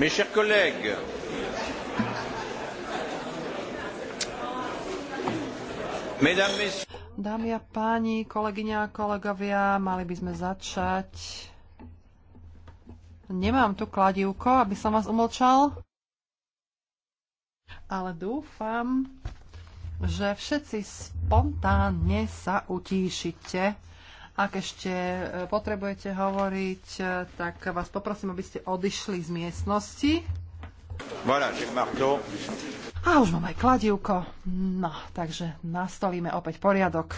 Mes chers collègues, mesdames, messieurs, Dámy a páni, kolegyňa a kolegovia, mali by sme začať. Nemám tu kladivko, aby som vás umlčal, ale dúfam, že všetci spontánne sa utíšite ak ešte e, potrebujete hovoriť, e, tak vás poprosím, aby ste odišli z miestnosti. Voilà, A už mám aj kladivko. No, takže nastolíme opäť poriadok.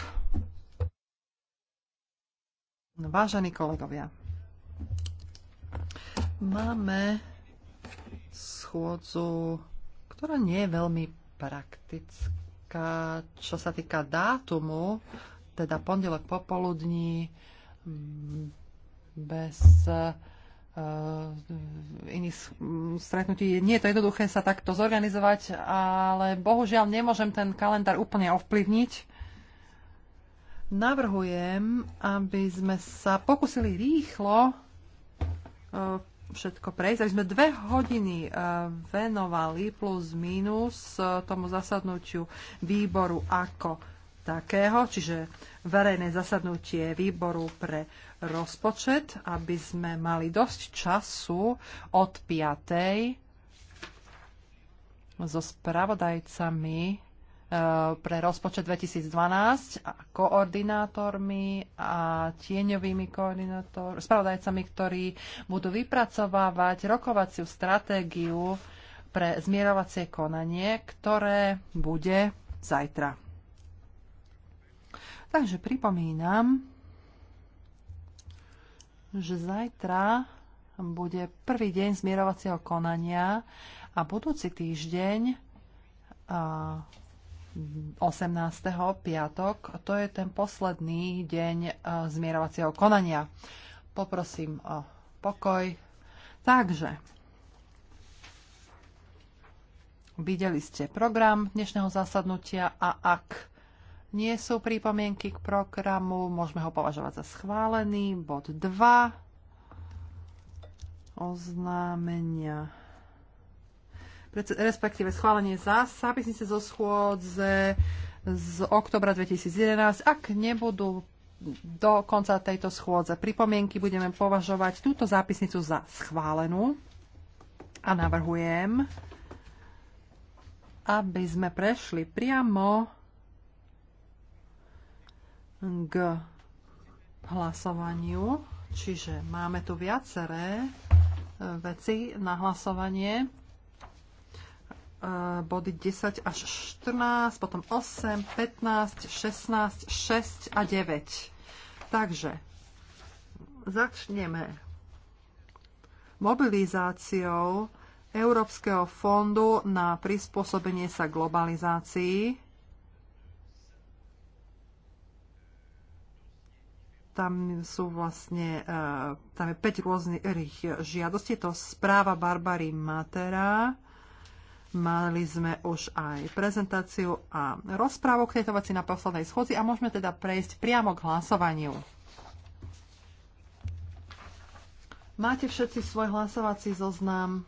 Vážení kolegovia, máme schôdzu, ktorá nie je veľmi praktická, čo sa týka dátumu, teda pondelok popoludní mm, bez uh, iných stretnutí. Nie je to jednoduché sa takto zorganizovať, ale bohužiaľ nemôžem ten kalendár úplne ovplyvniť. Navrhujem, aby sme sa pokusili rýchlo eh, všetko prejsť, aby sme dve hodiny eh, venovali plus minus tomu zasadnutiu výboru ako takého, čiže verejné zasadnutie výboru pre rozpočet, aby sme mali dosť času od 5. so spravodajcami e, pre rozpočet 2012, a koordinátormi a tieňovými koordinátor, spravodajcami, ktorí budú vypracovávať rokovaciu stratégiu pre zmierovacie konanie, ktoré bude zajtra. Takže pripomínam, že zajtra bude prvý deň zmierovacieho konania a budúci týždeň 18. piatok, to je ten posledný deň zmierovacieho konania. Poprosím o pokoj. Takže, videli ste program dnešného zasadnutia a ak nie sú pripomienky k programu, môžeme ho považovať za schválený. Bod 2. Oznámenia. Respektíve schválenie zápisnice zo schôdze z oktobra 2011. Ak nebudú do konca tejto schôdze pripomienky, budeme považovať túto zápisnicu za schválenú. A navrhujem, aby sme prešli priamo k hlasovaniu. Čiže máme tu viaceré e, veci na hlasovanie. E, body 10 až 14, potom 8, 15, 16, 6 a 9. Takže začneme mobilizáciou Európskeho fondu na prispôsobenie sa globalizácii. tam sú vlastne, e, tam je 5 rôznych žiadostí. je To správa Barbary Matera. Mali sme už aj prezentáciu a rozprávu k tejto veci na poslednej schodzi a môžeme teda prejsť priamo k hlasovaniu. Máte všetci svoj hlasovací zoznam?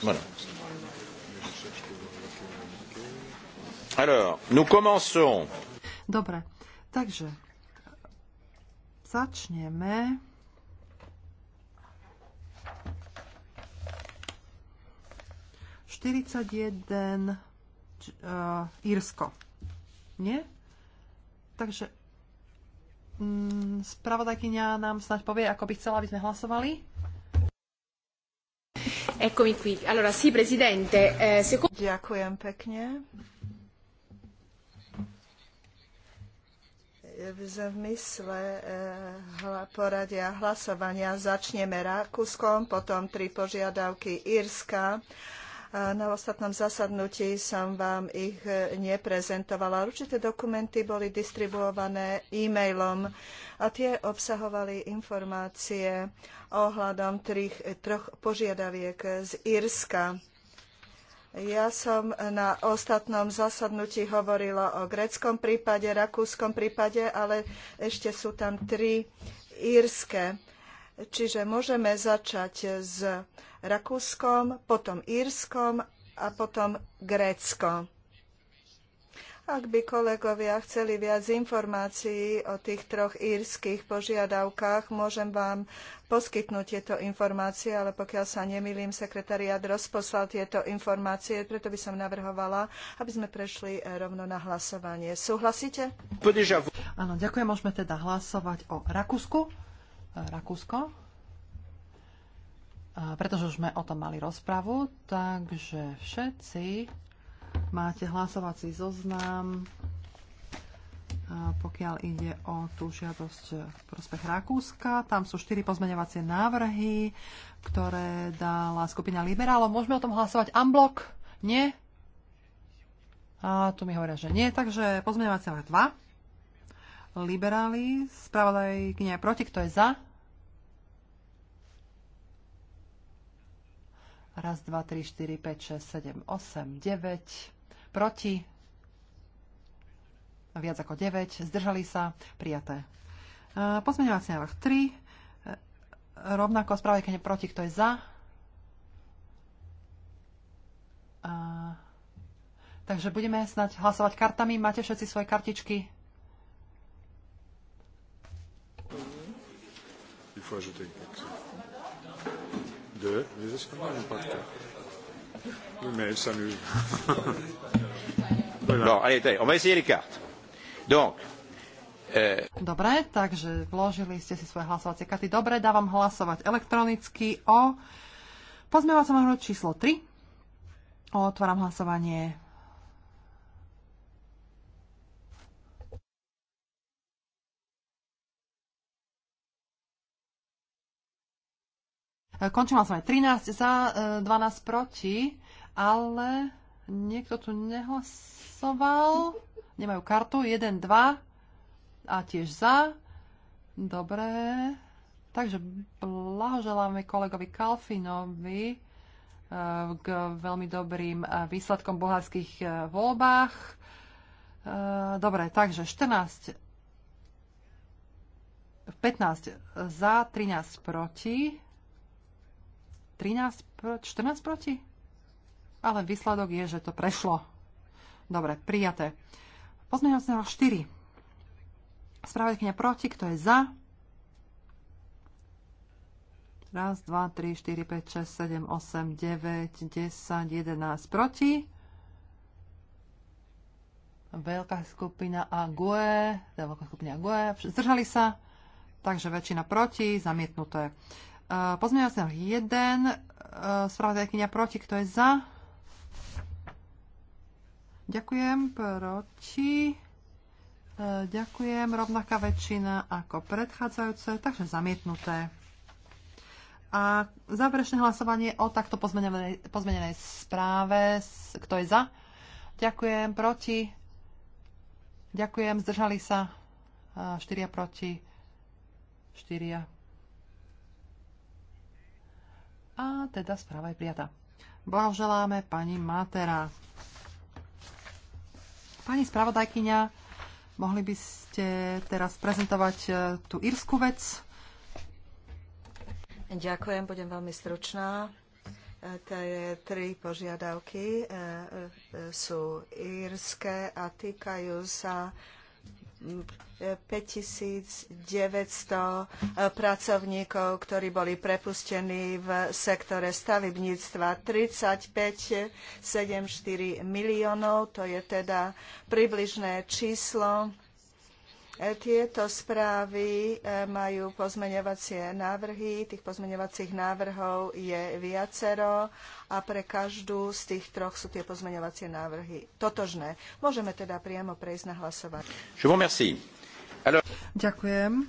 Voilà. Alors, nous commençons Dobre, takže začneme. Štyridsať jeden e, Írsko. Nie? Takže mm, spravodajkynia nám snáď povie, ako by chcela, aby sme hlasovali. Eccomi qui. Allora, sì, presidente, eh, secondo... Ďakujem pekne. v zmysle eh, poradia hlasovania začneme Rakúskom, potom tri požiadavky Írska. Na ostatnom zasadnutí som vám ich eh, neprezentovala. Určité dokumenty boli distribuované e-mailom a tie obsahovali informácie ohľadom trich, troch požiadaviek z Írska ja som na ostatnom zasadnutí hovorila o gréckom prípade, rakúskom prípade, ale ešte sú tam tri írske. Čiže môžeme začať s Rakúskom, potom Írskom a potom Gréckom. Ak by kolegovia chceli viac informácií o tých troch írskych požiadavkách, môžem vám poskytnúť tieto informácie, ale pokiaľ sa nemýlim, sekretariát rozposlal tieto informácie, preto by som navrhovala, aby sme prešli e, rovno na hlasovanie. Súhlasíte? Áno, ďakujem. Môžeme teda hlasovať o Rakúsku. E, Rakúsko. E, pretože už sme o tom mali rozpravu, takže všetci máte hlasovací zoznam pokiaľ ide o tú žiadosť v prospech Rakúska. Tam sú štyri pozmeňovacie návrhy, ktoré dala skupina liberálov. Môžeme o tom hlasovať unblock? Nie? A tu mi hovoria, že nie. Takže pozmeňovacie návrhy dva. Liberáli, spravodaj spravodajkynia proti, kto je za? Raz, dva, tri, štyri, päť, šesť, sedem, osem, deväť. Proti? viac ako 9, zdržali sa, prijaté. E, pozmeňovací návrh 3, e, rovnako správe, keď proti, kto je za. E, takže budeme snať hlasovať kartami. Máte všetci svoje kartičky? Il faut ajouter une carte. Deux, les Espagnols n'ont pas de carte. Oui, mais elle s'amuse. voilà. Bon, allez, on va essayer les cartes. Donc, Dobre, takže vložili ste si svoje hlasovacie karty. Dobre, dávam hlasovať elektronicky o pozmeňovacom návrhu číslo 3. Otváram hlasovanie. Končím hlasovanie 13 za, 12 e, proti, ale niekto tu nehlasoval. Nemajú kartu. 1, 2 a tiež za. Dobre. Takže blahoželáme kolegovi Kalfinovi eh, k veľmi dobrým eh, výsledkom bulharských eh, voľbách. Dobre, takže 14 15 za, 13 proti. 13, 14 proti? Ale výsledok je, že to prešlo. Dobre, prijaté. Pozmeňovací návrh 4. Spravodajkynia proti, kto je za? Raz, dva, tri, štyri, päť, šesť, sedem, osem, deväť, desať, jedenáct proti. Veľká skupina a e, teda veľká skupina GUE, zdržali sa, takže väčšina proti, zamietnuté. Uh, Pozmeňovací návrh 1, uh, e, spravodajkynia proti, kto je za? Ďakujem proti. E, ďakujem, rovnaká väčšina ako predchádzajúce, takže zamietnuté. A záverečné hlasovanie o takto pozmenenej, pozmenenej správe. Kto je za? Ďakujem, proti. Ďakujem, zdržali sa. E, štyria proti. Štyria. A teda správa je prijatá. Blahoželáme pani Matera. Pani spravodajkyňa, mohli by ste teraz prezentovať e, tú írsku vec? Ďakujem, budem veľmi stručná. Tie tri požiadavky e, e, sú írske a týkajú sa 5900 pracovníkov, ktorí boli prepustení v sektore stavebníctva. 35,74 miliónov, to je teda približné číslo. E, tieto správy e, majú pozmeňovacie návrhy. Tých pozmeňovacích návrhov je viacero a pre každú z tých troch sú tie pozmeňovacie návrhy totožné. Môžeme teda priamo prejsť na hlasovanie. Ďakujem.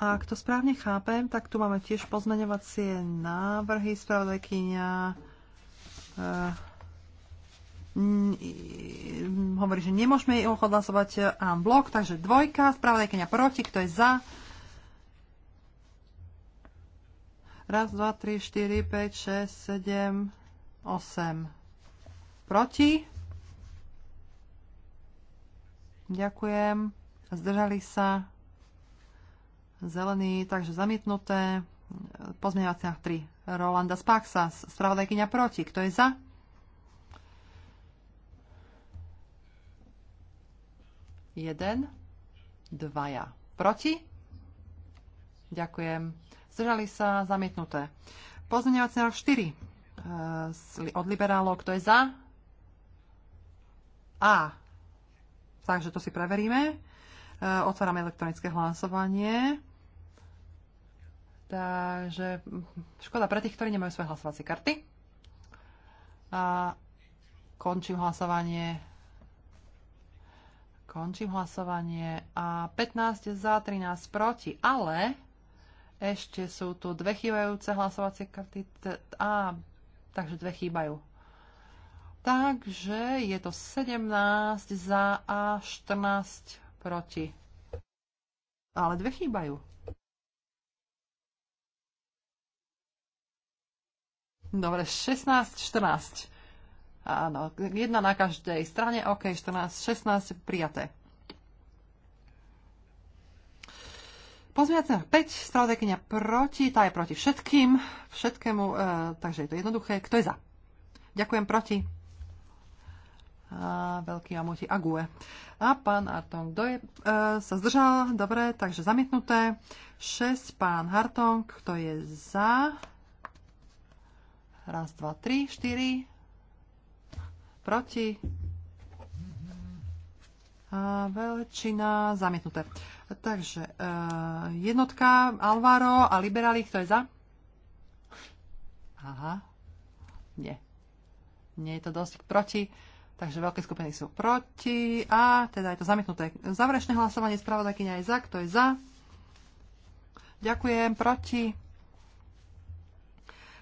Ak to správne chápem, tak tu máme tiež pozmeňovacie návrhy spravodajkyňa. Eh, hovorí, že nemôžeme odhlasovať eh, en blok, takže dvojka, spravodajkyňa proti, kto je za? Raz, dva, tri, štyri, päť, šesť, sedem, osem. Proti? Ďakujem. Zdržali sa. Zelený, takže zamietnuté. Pozmeňovací návrh 3. Rolanda Spaxa, spravodajkyňa proti. Kto je za? Jeden, dvaja. Proti? Ďakujem. Zdržali sa zamietnuté. Pozmeňovací návrh 4. E, od liberálov, kto je za? A. Takže to si preveríme. E, Otváram elektronické hlasovanie. Takže škoda pre tých, ktorí nemajú svoje hlasovacie karty. A končím hlasovanie. Končím hlasovanie. A 15 za, 13 proti. Ale ešte sú tu dve chýbajúce hlasovacie karty. A, takže dve chýbajú. Takže je to 17 za a 14 proti. Ale dve chýbajú. Dobre, 16, 14. Áno, jedna na každej strane, OK, 14, 16, prijaté. Pozmiacená 5, spravodajkynia proti, tá je proti všetkým, všetkému, e, takže je to jednoduché. Kto je za? Ďakujem proti a veľký Amuti Ague. A pán artong doje, e, sa zdržal, dobre, takže zamietnuté. 6, pán Hartong, kto je za? Raz, dva, tri, štyri. Proti? A veľčina zamietnuté. Takže e, jednotka Alvaro a liberáli, kto je za? Aha, nie. Nie je to dosť proti. Takže veľké skupiny sú proti a teda je to zamietnuté záverečné hlasovanie. Spravodajkyňa je za, kto je za? Ďakujem, proti.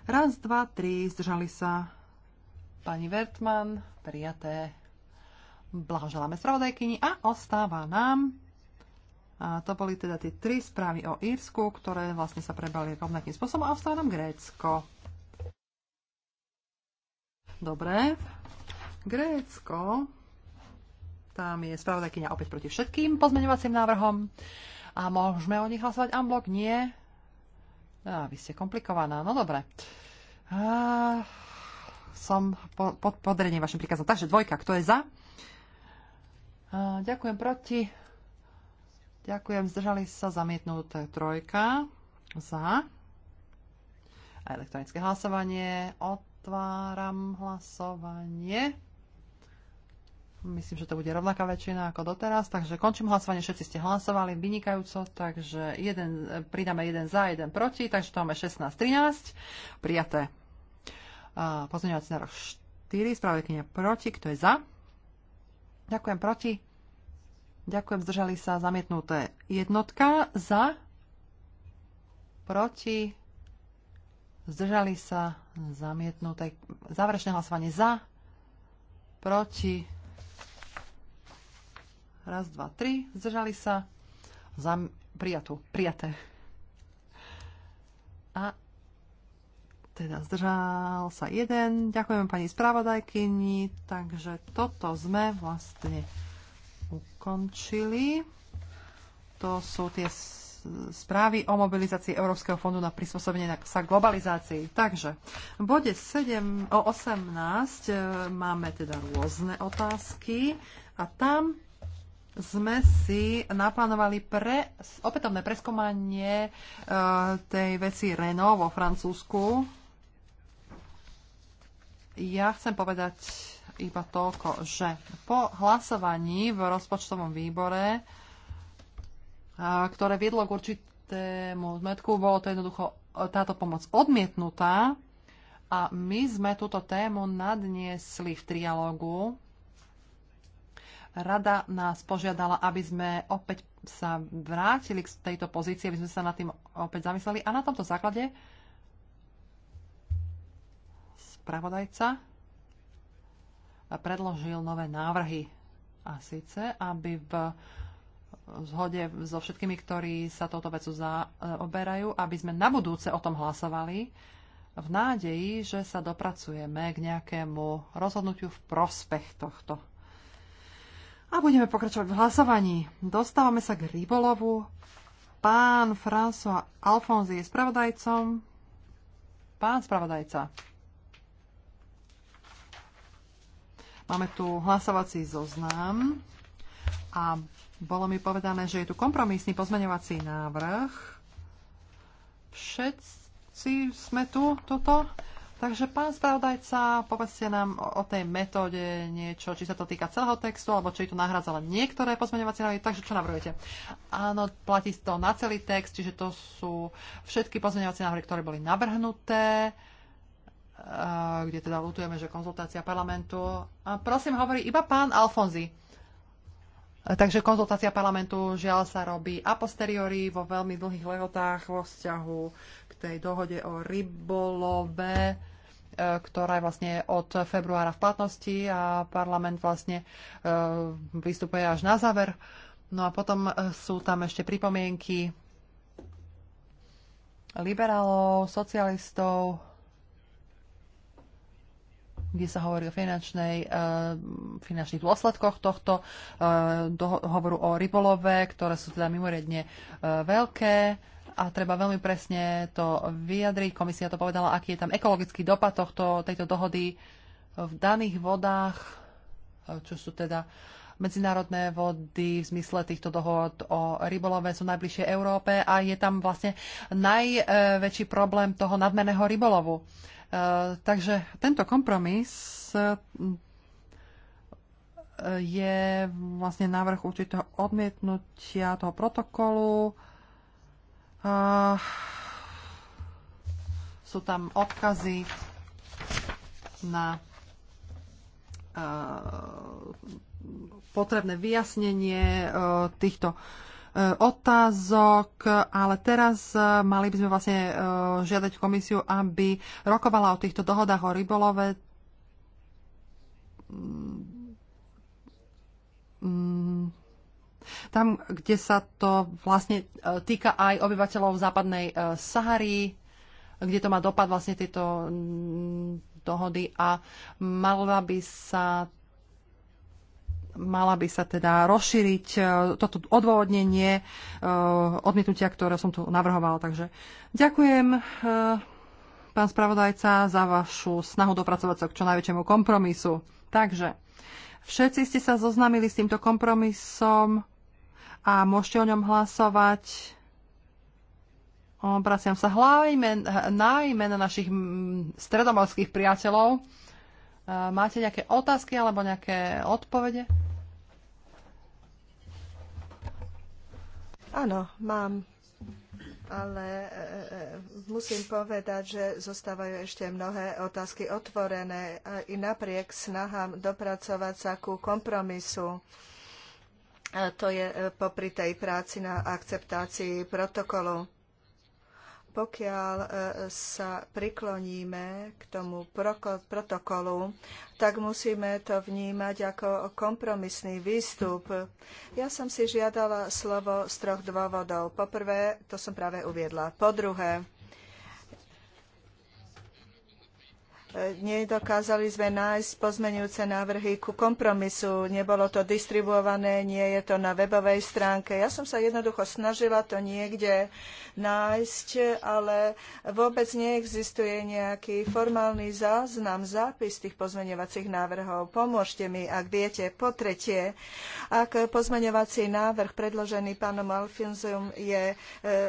Raz, dva, tri, zdržali sa. Pani Vertman, prijaté. Blahoželáme spravodajkyni a ostáva nám. A to boli teda tie tri správy o Írsku, ktoré vlastne sa prebali rovnakým spôsobom a ostáva nám Grécko. Dobre, Grécko, tam je spravodajkynia opäť proti všetkým pozmeňovacím návrhom. A môžeme o nich hlasovať unblock? Nie. A vy ste komplikovaná. No dobre. A, som po, pod podredením vašim príkazom. Takže dvojka, kto je za? A, ďakujem proti. Ďakujem, zdržali sa zamietnúť trojka. Za. A elektronické hlasovanie. Otváram hlasovanie. Myslím, že to bude rovnaká väčšina ako doteraz. Takže končím hlasovanie. Všetci ste hlasovali vynikajúco. Takže jeden, pridáme jeden za, jeden proti. Takže to máme 16-13. Prijaté. Uh, Pozmeňovací nárok 4. Spravedlňa proti. Kto je za? Ďakujem proti. Ďakujem, zdržali sa zamietnuté. Jednotka za, proti, zdržali sa zamietnuté. Záverečné hlasovanie za, proti, Raz, dva, tri. Zdržali sa. Zam... Prijatú. Prijaté. A teda zdržal sa jeden. Ďakujem pani spravodajkyni. Takže toto sme vlastne ukončili. To sú tie správy o mobilizácii Európskeho fondu na prispôsobenie sa globalizácii. Takže v bode 7, o 18 e, máme teda rôzne otázky a tam sme si naplánovali pre, opätovné preskúmanie e, tej veci Renault vo Francúzsku. Ja chcem povedať iba toľko, že po hlasovaní v rozpočtovom výbore, e, ktoré viedlo k určitému zmetku, bolo to jednoducho e, táto pomoc odmietnutá a my sme túto tému nadniesli v trialógu Rada nás požiadala, aby sme opäť sa vrátili k tejto pozícii, aby sme sa nad tým opäť zamysleli. A na tomto základe spravodajca predložil nové návrhy. A síce, aby v zhode so všetkými, ktorí sa touto vecu zaoberajú, aby sme na budúce o tom hlasovali v nádeji, že sa dopracujeme k nejakému rozhodnutiu v prospech tohto a budeme pokračovať v hlasovaní. Dostávame sa k rybolovu. Pán François Alfonzi je spravodajcom. Pán spravodajca. Máme tu hlasovací zoznam a bolo mi povedané, že je tu kompromisný pozmeňovací návrh. Všetci sme tu, toto. Takže, pán spravodajca, povedzte nám o, o tej metóde niečo, či sa to týka celého textu, alebo či to nahrádza len niektoré pozmeňovacie návrhy. Takže, čo navrhujete? Áno, platí to na celý text, čiže to sú všetky pozmeňovacie návrhy, ktoré boli navrhnuté, eh, kde teda lutujeme, že konzultácia parlamentu. A prosím, hovorí iba pán Alfonzi. Takže konzultácia parlamentu žiaľ sa robí a posteriori vo veľmi dlhých lehotách vo vzťahu k tej dohode o rybolove, e, ktorá je vlastne od februára v platnosti a parlament vlastne e, vystupuje až na záver. No a potom e, sú tam ešte pripomienky liberálov, socialistov, kde sa hovorí o finančnej, eh, finančných dôsledkoch tohto eh, dohovoru o rybolove, ktoré sú teda mimoriadne eh, veľké a treba veľmi presne to vyjadriť. Komisia to povedala, aký je tam ekologický dopad tohto, tejto dohody v daných vodách, čo sú teda medzinárodné vody v zmysle týchto dohod o rybolove sú najbližšie Európe a je tam vlastne najväčší problém toho nadmerného rybolovu. Eh, takže tento kompromis eh, je vlastne návrh určitého odmietnutia toho protokolu. Eh, sú tam odkazy na potrebné vyjasnenie týchto E, otázok, ale teraz e, mali by sme vlastne e, žiadať komisiu, aby rokovala o týchto dohodách o rybolove mm. tam, kde sa to vlastne týka aj obyvateľov západnej Sahary, kde to má dopad vlastne tieto mm, dohody a mala by sa mala by sa teda rozšíriť e, toto odôvodnenie e, odmietnutia, ktoré som tu navrhoval. Takže ďakujem e, pán spravodajca za vašu snahu dopracovať sa k čo najväčšiemu kompromisu. Takže všetci ste sa zoznamili s týmto kompromisom a môžete o ňom hlasovať obraciam sa hlavne, najmä na našich stredomorských priateľov. Máte nejaké otázky alebo nejaké odpovede? Áno, mám. Ale e, e, e, musím povedať, že zostávajú ešte mnohé otázky otvorené i napriek snahám dopracovať sa ku kompromisu. A to je popri tej práci na akceptácii protokolu pokiaľ e, sa prikloníme k tomu protokolu, tak musíme to vnímať ako kompromisný výstup. Ja som si žiadala slovo z troch dôvodov. Poprvé, to som práve uviedla. Po druhé, Nedokázali sme nájsť pozmenujúce návrhy ku kompromisu. Nebolo to distribuované, nie je to na webovej stránke. Ja som sa jednoducho snažila to niekde nájsť, ale vôbec neexistuje nejaký formálny záznam, zápis tých pozmeňovacích návrhov. Pomôžte mi, ak viete. Po tretie, ak pozmeňovací návrh predložený pánom Alfinzum je, e,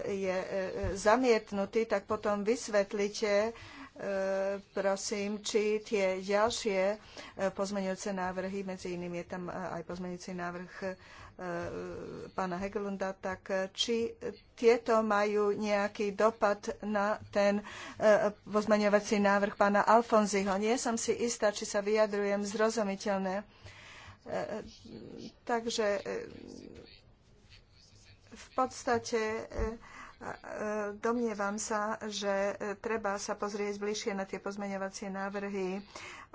je e, zamietnutý, tak potom vysvetlite, E, prosím, či tie ďalšie e, pozmeňujúce návrhy, medzi iným je tam e, aj pozmeňujúci návrh pána Hegelunda, tak či tieto majú nejaký dopad na ten pozmeňovací návrh pána Alfonziho. Nie som si istá, či sa vyjadrujem zrozumiteľne. Takže v podstate E, domnievam sa, že e, treba sa pozrieť bližšie na tie pozmeňovacie návrhy.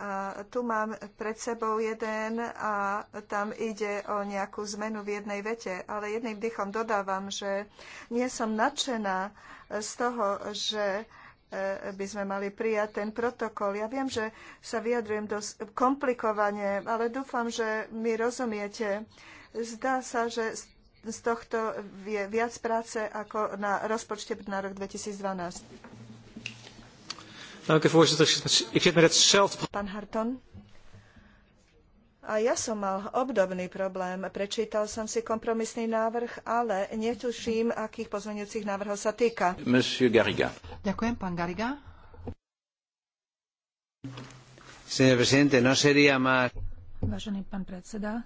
A tu mám pred sebou jeden a tam ide o nejakú zmenu v jednej vete, ale jedným dýchom dodávam, že nie som nadšená z toho, že e, by sme mali prijať ten protokol. Ja viem, že sa vyjadrujem dosť komplikovane, ale dúfam, že mi rozumiete. Zdá sa, že z tohto je viac práce ako na rozpočte na rok 2012. Pán Harton. A ja som mal obdobný problém. Prečítal som si kompromisný návrh, ale netuším, akých pozmeňujúcich návrhov sa týka. Ďakujem, pán Gariga. No Vážený pán predseda,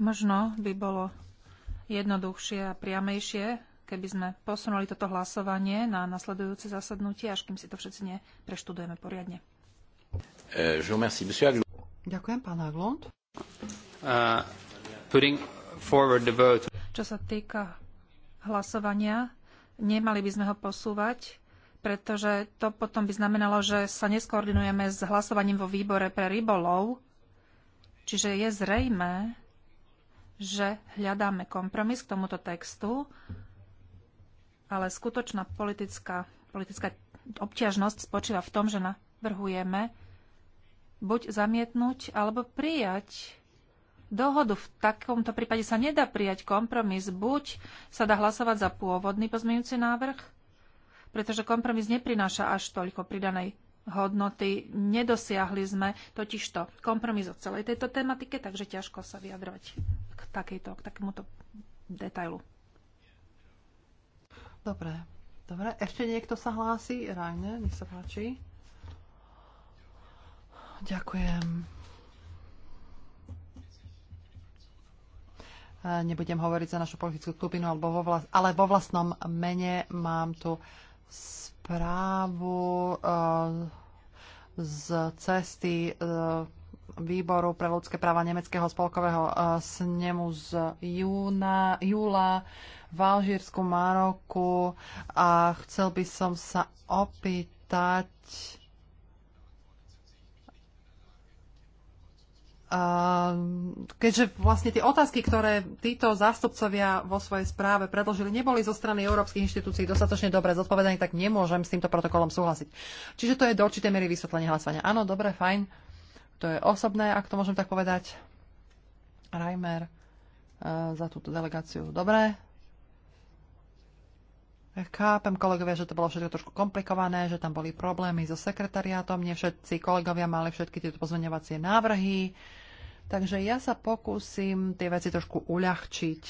Možno by bolo jednoduchšie a priamejšie, keby sme posunuli toto hlasovanie na nasledujúce zasadnutie, až kým si to všetci nepreštudujeme poriadne. E, Ďakujem, pán Aglund. Uh, Čo sa týka hlasovania, nemali by sme ho posúvať, pretože to potom by znamenalo, že sa neskoordinujeme s hlasovaním vo výbore pre rybolov. Čiže je zrejmé, že hľadáme kompromis k tomuto textu, ale skutočná politická, politická obťažnosť spočíva v tom, že navrhujeme buď zamietnúť alebo prijať dohodu. V takomto prípade sa nedá prijať kompromis. Buď sa dá hlasovať za pôvodný pozmeňujúci návrh, pretože kompromis neprináša až toľko pridanej hodnoty. Nedosiahli sme totižto kompromis o celej tejto tematike, takže ťažko sa vyjadrovať takejto, k takémuto detailu. Dobre, dobre. Ešte niekto sa hlási? Rajne, nech sa páči. Ďakujem. Eh, nebudem hovoriť za našu politickú skupinu, ale, vo vlast- ale vo vlastnom mene mám tu správu eh, z cesty eh, výboru pre ľudské práva Nemeckého spolkového e, snemu z júna, júla v Alžírsku, Maroku a chcel by som sa opýtať, e, keďže vlastne tie otázky, ktoré títo zástupcovia vo svojej správe predložili, neboli zo strany európskych inštitúcií dostatočne dobre zodpovedané, tak nemôžem s týmto protokolom súhlasiť. Čiže to je do určitej miery vysvetlenie hlasovania. Áno, dobre, fajn. To je osobné, ak to môžem tak povedať. Reimer eh, za túto delegáciu. Dobre. Chápem, kolegovia, že to bolo všetko trošku komplikované, že tam boli problémy so sekretariátom, nie všetci kolegovia mali všetky tieto pozmeňovacie návrhy. Takže ja sa pokúsim tie veci trošku uľahčiť.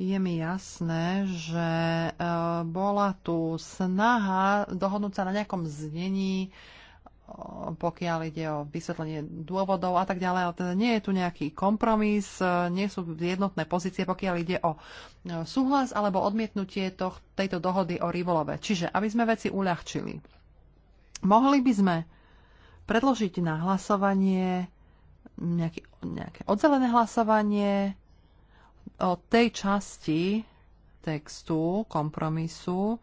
Je mi jasné, že eh, bola tu snaha dohodnúť sa na nejakom znení, pokiaľ ide o vysvetlenie dôvodov a tak ďalej, ale teda nie je tu nejaký kompromis, e, nie sú jednotné pozície, pokiaľ ide o e, súhlas alebo odmietnutie toh, tejto dohody o rivolove. Čiže, aby sme veci uľahčili, mohli by sme predložiť na hlasovanie nejaké, nejaké odzelené hlasovanie o tej časti textu, kompromisu,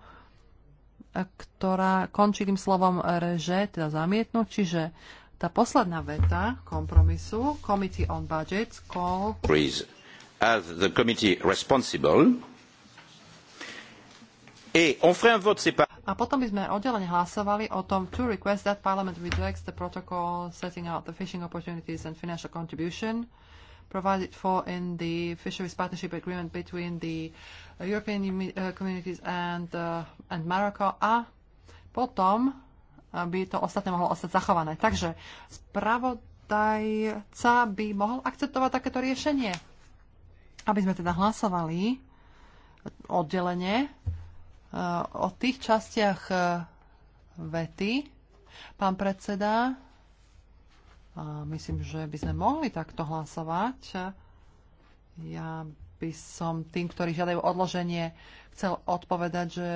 ktorá končí tým slovom reže, teda zamietnúť, čiže tá posledná veta kompromisu Committee on Budgets call as the committee responsible et on ferait un vote séparé a potom by sme oddelene hlasovali o tom to request that parliament rejects the protocol setting out the fishing opportunities and financial contribution uh, provided for in the fisheries partnership agreement between the European uh, communities and, uh, and Morocco a potom uh, by to ostatné mohlo ostať zachované. Takže spravodajca by mohol akceptovať takéto riešenie. Aby sme teda hlasovali oddelenie uh, o tých častiach uh, vety. Pán predseda, a myslím, že by sme mohli takto hlasovať. Ja by som tým, ktorí žiadajú odloženie, chcel odpovedať, že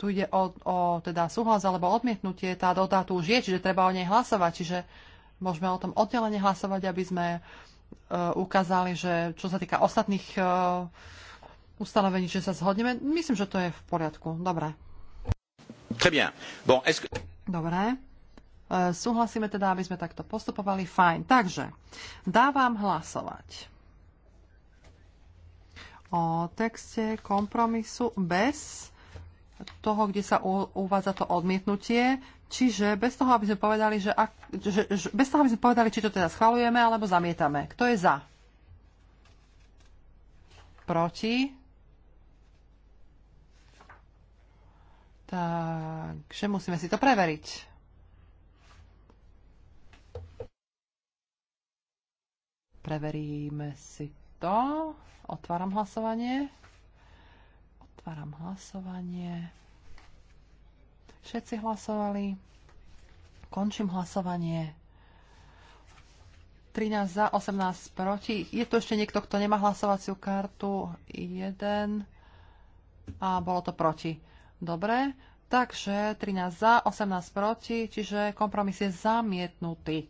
tu ide o, o teda súhlas alebo odmietnutie. Tá tu už je, čiže treba o nej hlasovať. Čiže môžeme o tom oddelenie hlasovať, aby sme e, ukázali, že čo sa týka ostatných e, ustanovení, že sa zhodneme. Myslím, že to je v poriadku. Dobre. Très bien. Bon, est-ce que... Dobre. E, súhlasíme teda, aby sme takto postupovali. Fajn. Takže dávam hlasovať o texte kompromisu bez toho, kde sa uvádza to odmietnutie, čiže bez toho, aby sme povedali, že ak, že, že, bez toho, aby sme povedali, či to teda schvalujeme alebo zamietame. Kto je za? Proti? Takže musíme si to preveriť. Preveríme si to. Otváram hlasovanie. Otváram hlasovanie. Všetci hlasovali. Končím hlasovanie. 13 za, 18 proti. Je tu ešte niekto, kto nemá hlasovaciu kartu? Jeden. A bolo to proti. Dobre. Takže 13 za, 18 proti, čiže kompromis je zamietnutý.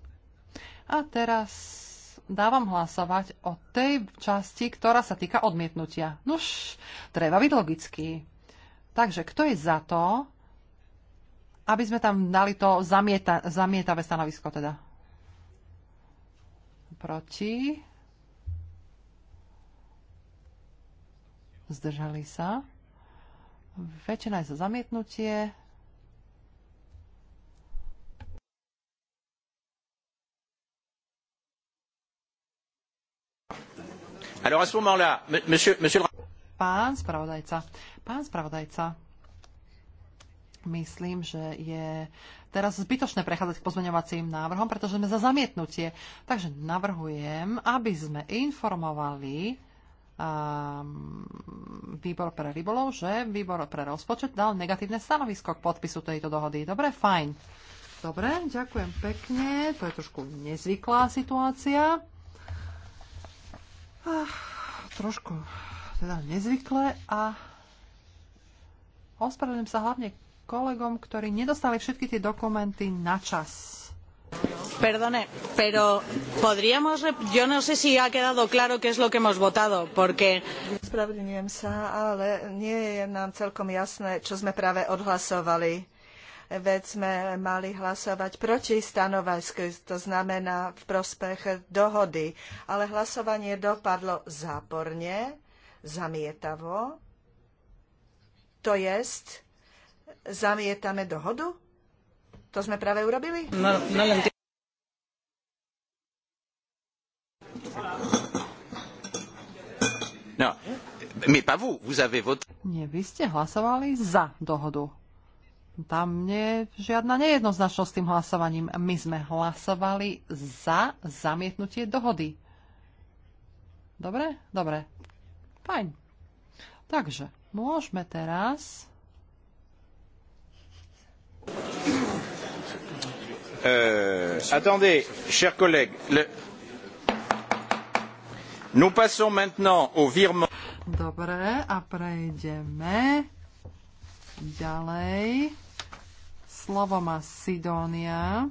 A teraz dávam hlasovať o tej časti, ktorá sa týka odmietnutia. Nuž, treba byť logický. Takže kto je za to, aby sme tam dali to zamieta, zamietavé stanovisko teda? Proti? Zdržali sa? Väčšina je za zamietnutie. Pán spravodajca, pán spravodajca, myslím, že je teraz zbytočné prechádzať k pozmeňovacím návrhom, pretože sme za zamietnutie. Takže navrhujem, aby sme informovali ehm, výbor pre rybolov, že výbor pre rozpočet dal negatívne stanovisko k podpisu tejto dohody. Dobre, fajn. Dobre, ďakujem pekne. To je trošku nezvyklá situácia. Ach, trošku teda nezvyklé a ospravedlňujem sa hlavne kolegom, ktorí nedostali všetky tie dokumenty na čas. Perdone, pero podríamos, yo no sé si ha quedado claro qué es lo que hemos votado, porque... Spravedlňujem sa, ale nie je nám celkom jasné, čo sme práve odhlasovali vec sme mali hlasovať proti stanovisku, to znamená v prospech dohody. Ale hlasovanie dopadlo záporne, zamietavo. To jest, zamietame dohodu? To sme práve urobili? No, no, no. No, mais pas vous, vous avez Nie, vy ste hlasovali za dohodu tam nie je žiadna nejednoznačnosť s tým hlasovaním. My sme hlasovali za zamietnutie dohody. Dobre? Dobre. Fajn. Takže, môžeme teraz... Euh, attendez, chers collègues, le... nous passons maintenant au virement. Dobre, a prejdeme Ďalej. Slovo má Sidónia.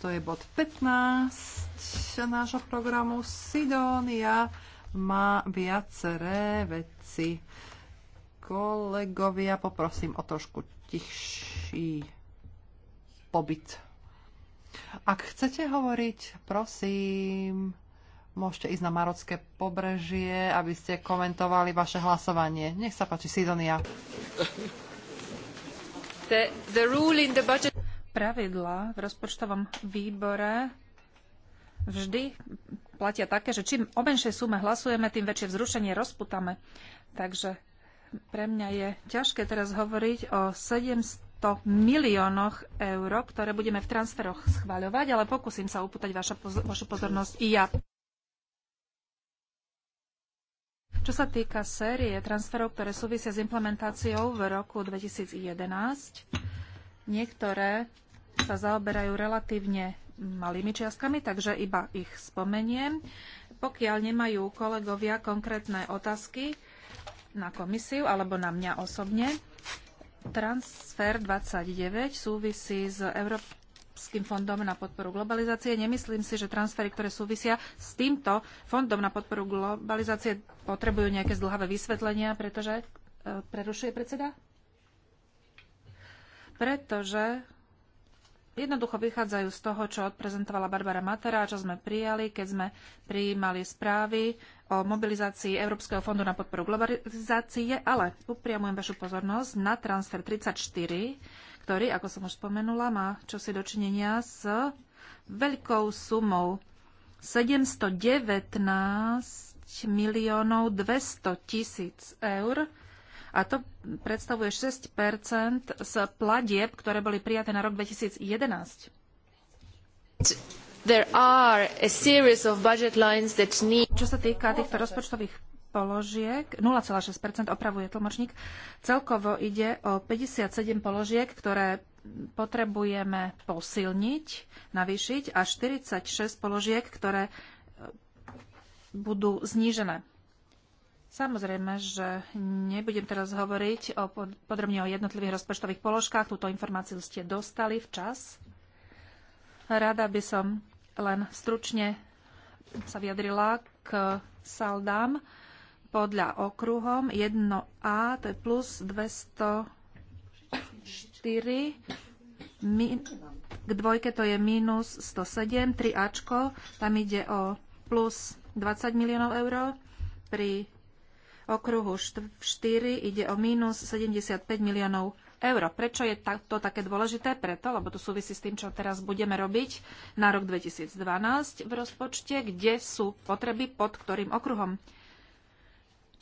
To je bod 15 nášho programu. Sidónia má viaceré veci. Kolegovia, poprosím o trošku tichší pobyt. Ak chcete hovoriť, prosím, Môžete ísť na marocké pobrežie, aby ste komentovali vaše hlasovanie. Nech sa páči, Sidonia. The, the rule in the budget... Pravidla v rozpočtovom výbore vždy platia také, že čím o menšej sume hlasujeme, tým väčšie vzrušenie rozputame. Takže pre mňa je ťažké teraz hovoriť o 700 miliónoch eur, ktoré budeme v transferoch schváľovať, ale pokúsim sa upútať vašu pozornosť i ja. Čo sa týka série transferov, ktoré súvisia s implementáciou v roku 2011, niektoré sa zaoberajú relatívne malými čiastkami, takže iba ich spomeniem. Pokiaľ nemajú kolegovia konkrétne otázky na komisiu alebo na mňa osobne, transfer 29 súvisí s Európskym Európskym fondom na podporu globalizácie. Nemyslím si, že transfery, ktoré súvisia s týmto fondom na podporu globalizácie, potrebujú nejaké zdlhavé vysvetlenia, pretože e, prerušuje predseda? Pretože jednoducho vychádzajú z toho, čo odprezentovala Barbara Matera, čo sme prijali, keď sme prijímali správy o mobilizácii Európskeho fondu na podporu globalizácie, ale upriamujem vašu pozornosť na transfer 34, ktorý, ako som už spomenula, má čosi dočinenia s veľkou sumou 719 miliónov 200 tisíc eur a to predstavuje 6 z platieb, ktoré boli prijaté na rok 2011. Need... Čo sa týka týchto rozpočtových položiek, 0,6 opravuje tlmočník. Celkovo ide o 57 položiek, ktoré potrebujeme posilniť, navýšiť a 46 položiek, ktoré e, budú znížené. Samozrejme, že nebudem teraz hovoriť o podrobne o jednotlivých rozpočtových položkách. Túto informáciu ste dostali včas. Rada by som len stručne sa vyjadrila k saldám podľa okruhom 1A, to je plus 204, min, k dvojke to je minus 107, 3Ačko, tam ide o plus 20 miliónov eur, pri okruhu 4 ide o minus 75 miliónov eur. Prečo je to také dôležité? Preto, lebo to súvisí s tým, čo teraz budeme robiť na rok 2012 v rozpočte, kde sú potreby pod ktorým okruhom.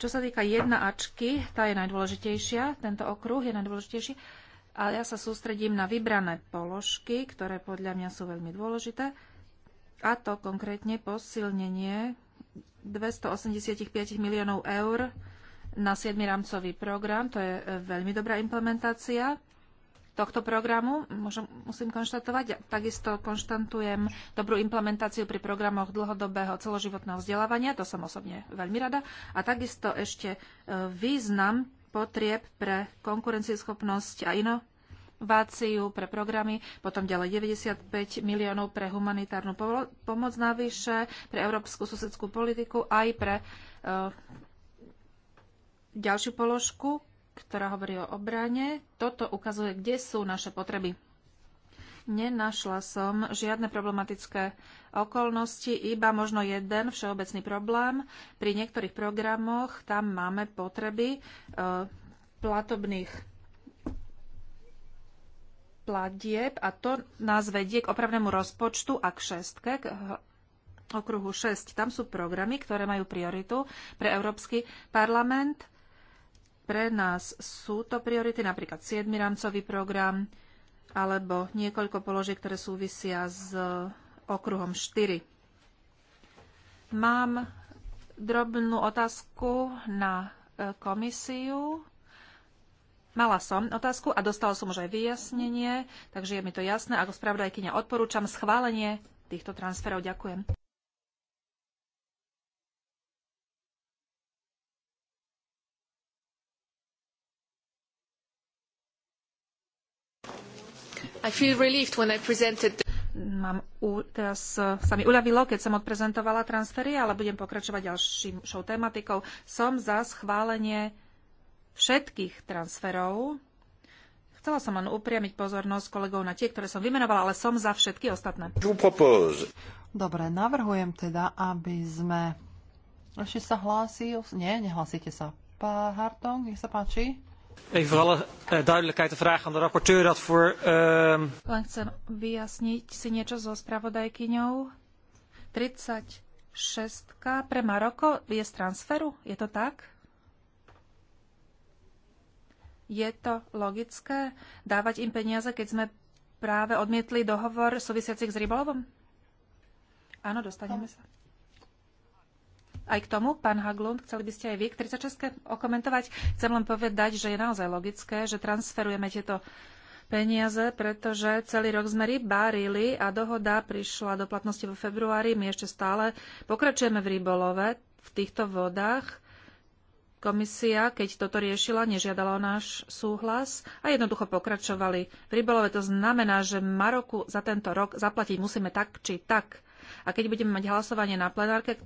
Čo sa týka jedna ačky, tá je najdôležitejšia, tento okruh je najdôležitejší. A ja sa sústredím na vybrané položky, ktoré podľa mňa sú veľmi dôležité. A to konkrétne posilnenie 285 miliónov eur na 7. rámcový program. To je e, veľmi dobrá implementácia tohto programu. Môžem, musím konštatovať, takisto konštantujem dobrú implementáciu pri programoch dlhodobého celoživotného vzdelávania, to som osobne veľmi rada, a takisto ešte e, význam potrieb pre konkurencieschopnosť a inováciu, pre programy, potom ďalej 95 miliónov pre humanitárnu pomoc navyše, pre európsku susedskú politiku, aj pre e, ďalšiu položku, ktorá hovorí o obrane. Toto ukazuje, kde sú naše potreby. Nenašla som žiadne problematické okolnosti, iba možno jeden všeobecný problém. Pri niektorých programoch tam máme potreby e, platobných platieb a to nás vedie k opravnému rozpočtu a k šestke, k okruhu 6. Tam sú programy, ktoré majú prioritu pre Európsky parlament pre nás sú to priority, napríklad 7. rámcový program alebo niekoľko položiek, ktoré súvisia s e, okruhom 4. Mám drobnú otázku na e, komisiu. Mala som otázku a dostala som už aj vyjasnenie, takže je mi to jasné. Ako spravodajkyňa odporúčam schválenie týchto transferov. Ďakujem. I feel relieved when I presented Mám u, teraz eh, sa mi uľavilo, keď som odprezentovala transfery, ale budem pokračovať ďalšou tematikou. Som za schválenie všetkých transferov. Chcela som len upriamiť pozornosť kolegov na tie, ktoré som vymenovala, ale som za všetky ostatné. Dobre, navrhujem teda, aby sme... Ešte sa hlási... Nie, nehlásite sa. Pá Hartong, nech sa páči. Even voor alle eh, duidelijkheid de vraag aan de rapporteur dat voor... Um... Len chcem vyjasniť si niečo so spravodajkyňou. 36 pre Maroko je z transferu, je to tak? Je to logické dávať im peniaze, keď sme práve odmietli dohovor súvisiacich s rybolovom? Áno, dostaneme sa aj k tomu, pán Haglund, chceli by ste aj vy k 36. okomentovať? Chcem len povedať, že je naozaj logické, že transferujeme tieto peniaze, pretože celý rok sme rybárili a dohoda prišla do platnosti vo februári. My ešte stále pokračujeme v rybolove v týchto vodách. Komisia, keď toto riešila, nežiadala o náš súhlas a jednoducho pokračovali. V rybolove to znamená, že Maroku za tento rok zaplatiť musíme tak či tak. A keď budeme mať hlasovanie na plenárke,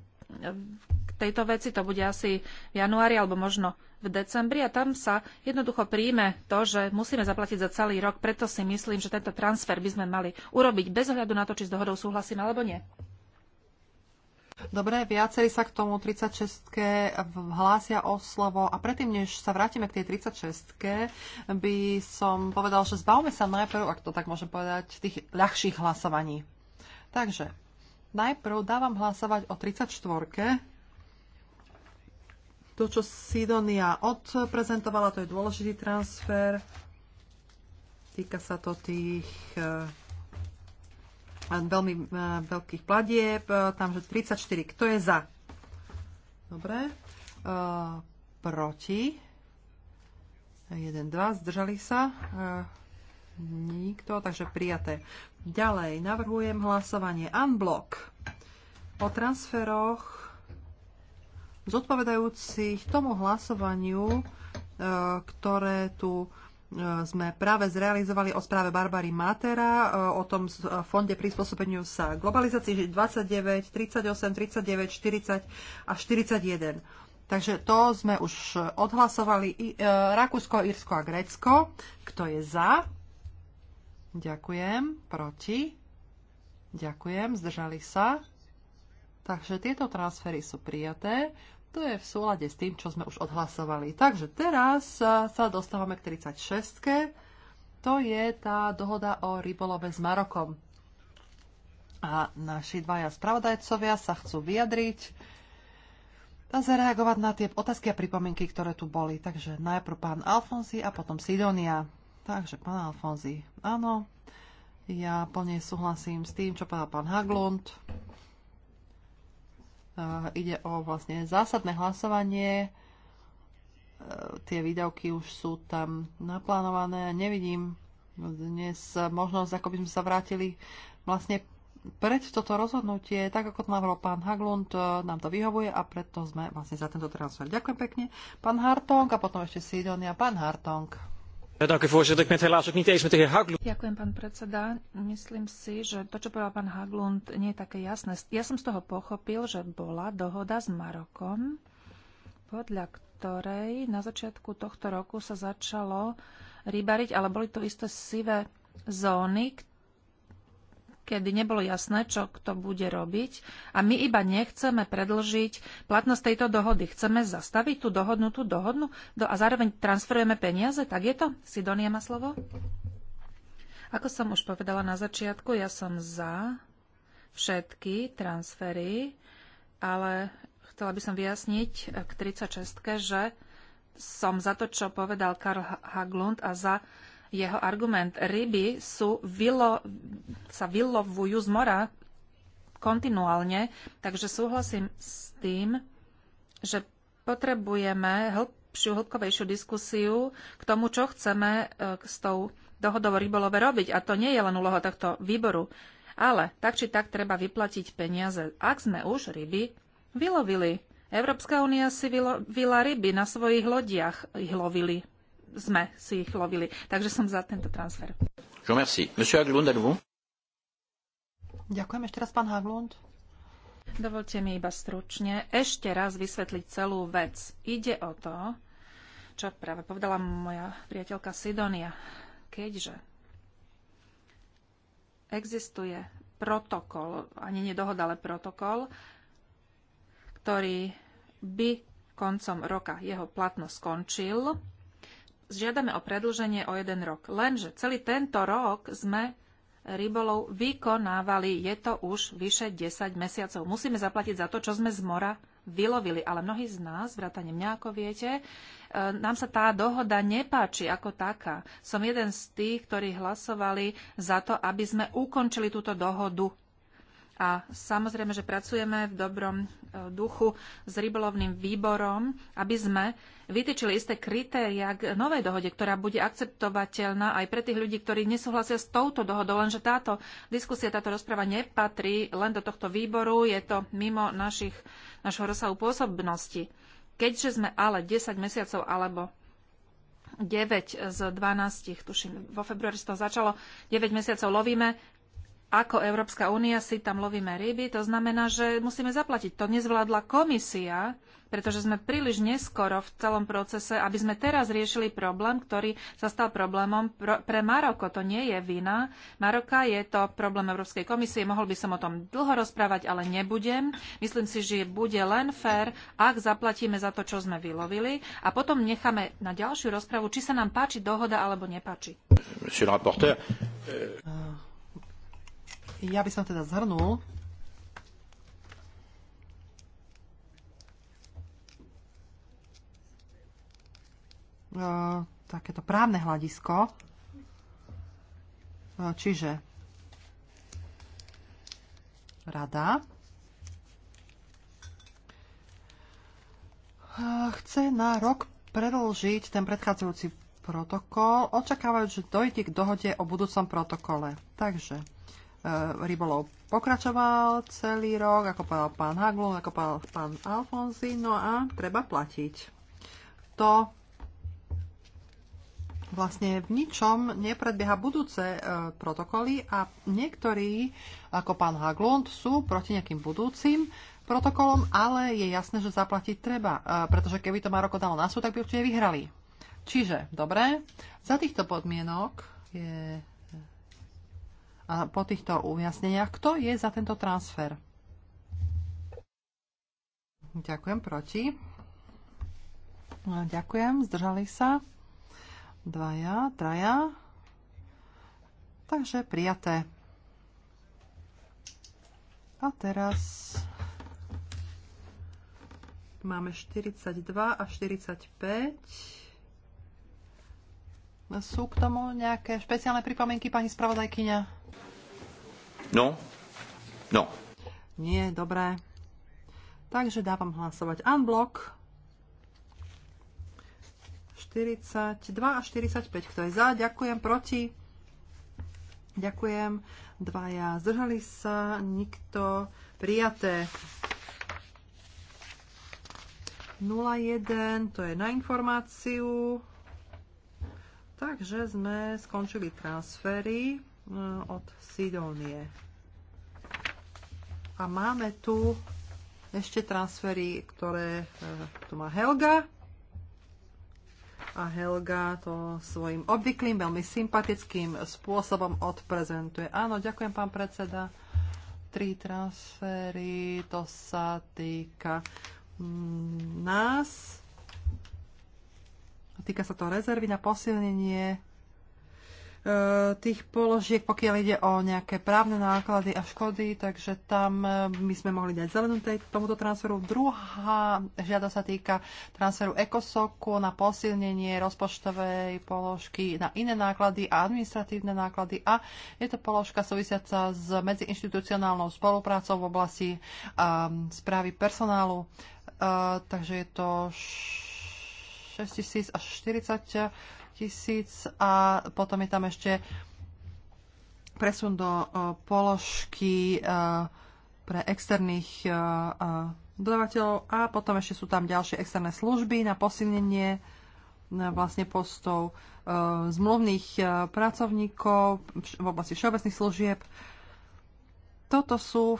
k tejto veci, to bude asi v januári alebo možno v decembri a tam sa jednoducho príjme to, že musíme zaplatiť za celý rok, preto si myslím, že tento transfer by sme mali urobiť bez ohľadu na to, či s dohodou súhlasíme alebo nie. Dobre, viacerí sa k tomu 36 hlásia o slovo a predtým, než sa vrátime k tej 36 by som povedal, že zbavme sa najprv, ak to tak môžem povedať, tých ľahších hlasovaní. Takže Najprv dávam hlasovať o 34. To, čo Sidonia odprezentovala, to je dôležitý transfer. Týka sa to tých eh, veľmi eh, veľkých platieb. Tam, že 34. Kto je za? Dobre. Eh, proti. 1, 2. Zdržali sa. Nikto, takže prijaté. Ďalej navrhujem hlasovanie unblock o transferoch zodpovedajúcich tomu hlasovaniu, e, ktoré tu e, sme práve zrealizovali o správe Barbary Matera, e, o tom fonde prispôsobeniu sa globalizácii 29, 38, 39, 40 a 41. Takže to sme už odhlasovali Rakúsko, Írsko a Grécko. Kto je za? Ďakujem. Proti? Ďakujem. Zdržali sa? Takže tieto transfery sú prijaté. To je v súlade s tým, čo sme už odhlasovali. Takže teraz e, sa dostávame k 36. To je tá dohoda o rybolove s Marokom. A naši dvaja spravodajcovia sa chcú vyjadriť a zareagovať na tie otázky a pripomienky, ktoré tu boli. Takže najprv pán Alfonsi a potom Sidonia. Takže, pán Alfonzi, áno, ja plne súhlasím s tým, čo povedal pán Haglund. Eh, ide o vlastne zásadné hlasovanie. Eh, tie výdavky už sú tam naplánované. Nevidím dnes možnosť, ako by sme sa vrátili vlastne pred toto rozhodnutie, tak ako to navrhol pán Haglund, eh, nám to vyhovuje a preto sme vlastne za tento transfer. Ďakujem pekne. Pán Hartong a potom ešte Sidonia. Pán Hartong. Ďakujem, pán predseda. Myslím si, že to, čo povedal pán Haglund, nie je také jasné. Ja som z toho pochopil, že bola dohoda s Marokom, podľa ktorej na začiatku tohto roku sa začalo rybariť, ale boli to isté sivé zóny, kedy nebolo jasné, čo kto bude robiť a my iba nechceme predlžiť platnosť tejto dohody. Chceme zastaviť tú dohodnú, tú dohodnú do, a zároveň transferujeme peniaze, tak je to? Sidonia má slovo. Ako som už povedala na začiatku, ja som za všetky transfery, ale chcela by som vyjasniť eh, k 36, že som za to, čo povedal Karl Haglund a za jeho argument. Ryby sú vylo, sa vylovujú z mora kontinuálne, takže súhlasím s tým, že potrebujeme hĺbšiu, hĺbkovejšiu diskusiu k tomu, čo chceme e, s tou dohodou rybolove robiť. A to nie je len úloha tohto výboru. Ale tak či tak treba vyplatiť peniaze, ak sme už ryby vylovili. Európska únia si vylovila ryby na svojich lodiach, ich lovili sme si ich lovili. Takže som za tento transfer. Ďakujem ešte raz, pán Haglund. Dovolte mi iba stručne ešte raz vysvetliť celú vec. Ide o to, čo práve povedala moja priateľka Sidonia. Keďže existuje protokol, ani nedohoda, ale protokol, ktorý by koncom roka jeho platnosť skončil, žiadame o predlženie o jeden rok. Lenže celý tento rok sme rybolov vykonávali. Je to už vyše 10 mesiacov. Musíme zaplatiť za to, čo sme z mora vylovili. Ale mnohí z nás, vrátane mňa, ako viete, e, nám sa tá dohoda nepáči ako taká. Som jeden z tých, ktorí hlasovali za to, aby sme ukončili túto dohodu a samozrejme, že pracujeme v dobrom e, duchu s rybolovným výborom, aby sme vytýčili isté kritéria k novej dohode, ktorá bude akceptovateľná aj pre tých ľudí, ktorí nesúhlasia s touto dohodou, lenže táto diskusia, táto rozpráva nepatrí len do tohto výboru, je to mimo našich, našho rozsahu pôsobnosti. Keďže sme ale 10 mesiacov alebo 9 z 12, tuším, vo februári to začalo, 9 mesiacov lovíme ako Európska únia si tam lovíme ryby, to znamená, že musíme zaplatiť. To nezvládla komisia, pretože sme príliš neskoro v celom procese, aby sme teraz riešili problém, ktorý sa stal problémom pre Maroko. To nie je vina Maroka, je to problém Európskej komisie. Mohol by som o tom dlho rozprávať, ale nebudem. Myslím si, že bude len fér, ak zaplatíme za to, čo sme vylovili a potom necháme na ďalšiu rozpravu, či sa nám páči dohoda alebo nepáči. Monsieur le rapporteur, euh... Ja by som teda zhrnul. E, takéto právne hľadisko. E, čiže rada e, chce na rok predlžiť ten predchádzajúci protokol, očakávajú, že dojde k dohode o budúcom protokole. Takže Eh, rybolov pokračoval celý rok, ako povedal pán Haglund, ako povedal pán Alfonsi, no a treba platiť. To vlastne v ničom nepredbieha budúce e, protokoly a niektorí, ako pán Haglund, sú proti nejakým budúcim protokolom, ale je jasné, že zaplatiť treba, e, pretože keby to Maroko dalo na súd, tak by určite vyhrali. Čiže, dobre, za týchto podmienok je a po týchto ujasneniach, kto je za tento transfer? Ďakujem, proti. Ďakujem, zdržali sa. Dvaja, traja. Takže prijaté. A teraz máme 42 a 45. Sú k tomu nejaké špeciálne pripomienky, pani spravodajkyňa? No? No. Nie, dobré. Takže dávam hlasovať unblock. 42 a 45. Kto je za? Ďakujem. Proti? Ďakujem. Dvaja. Zdržali sa. Nikto. Prijaté. 01. To je na informáciu. Takže sme skončili transfery. Eh, od Sidonie. A máme tu ešte transfery, ktoré eh, tu má Helga. A Helga to svojim obvyklým, veľmi sympatickým spôsobom odprezentuje. Áno, ďakujem, pán predseda. Tri transfery, to sa týka mm, nás. Týka sa to rezervy na posilnenie Eh, tých položiek, pokiaľ ide o nejaké právne náklady a škody, takže tam eh, my sme mohli dať zelenú tej, tomuto transferu. Druhá žiada sa týka transferu ekosoku na posilnenie rozpočtovej položky na iné náklady a administratívne náklady a je to položka súvisiaca s medziinstitucionálnou spoluprácou v oblasti um, správy personálu. Uh, takže je to 6000 až 40 tisíc a potom je tam ešte presun do e, položky e, pre externých e, dodavateľov a potom ešte sú tam ďalšie externé služby na posilnenie vlastne postov zmluvných pracovníkov v oblasti všeobecných služieb. Toto sú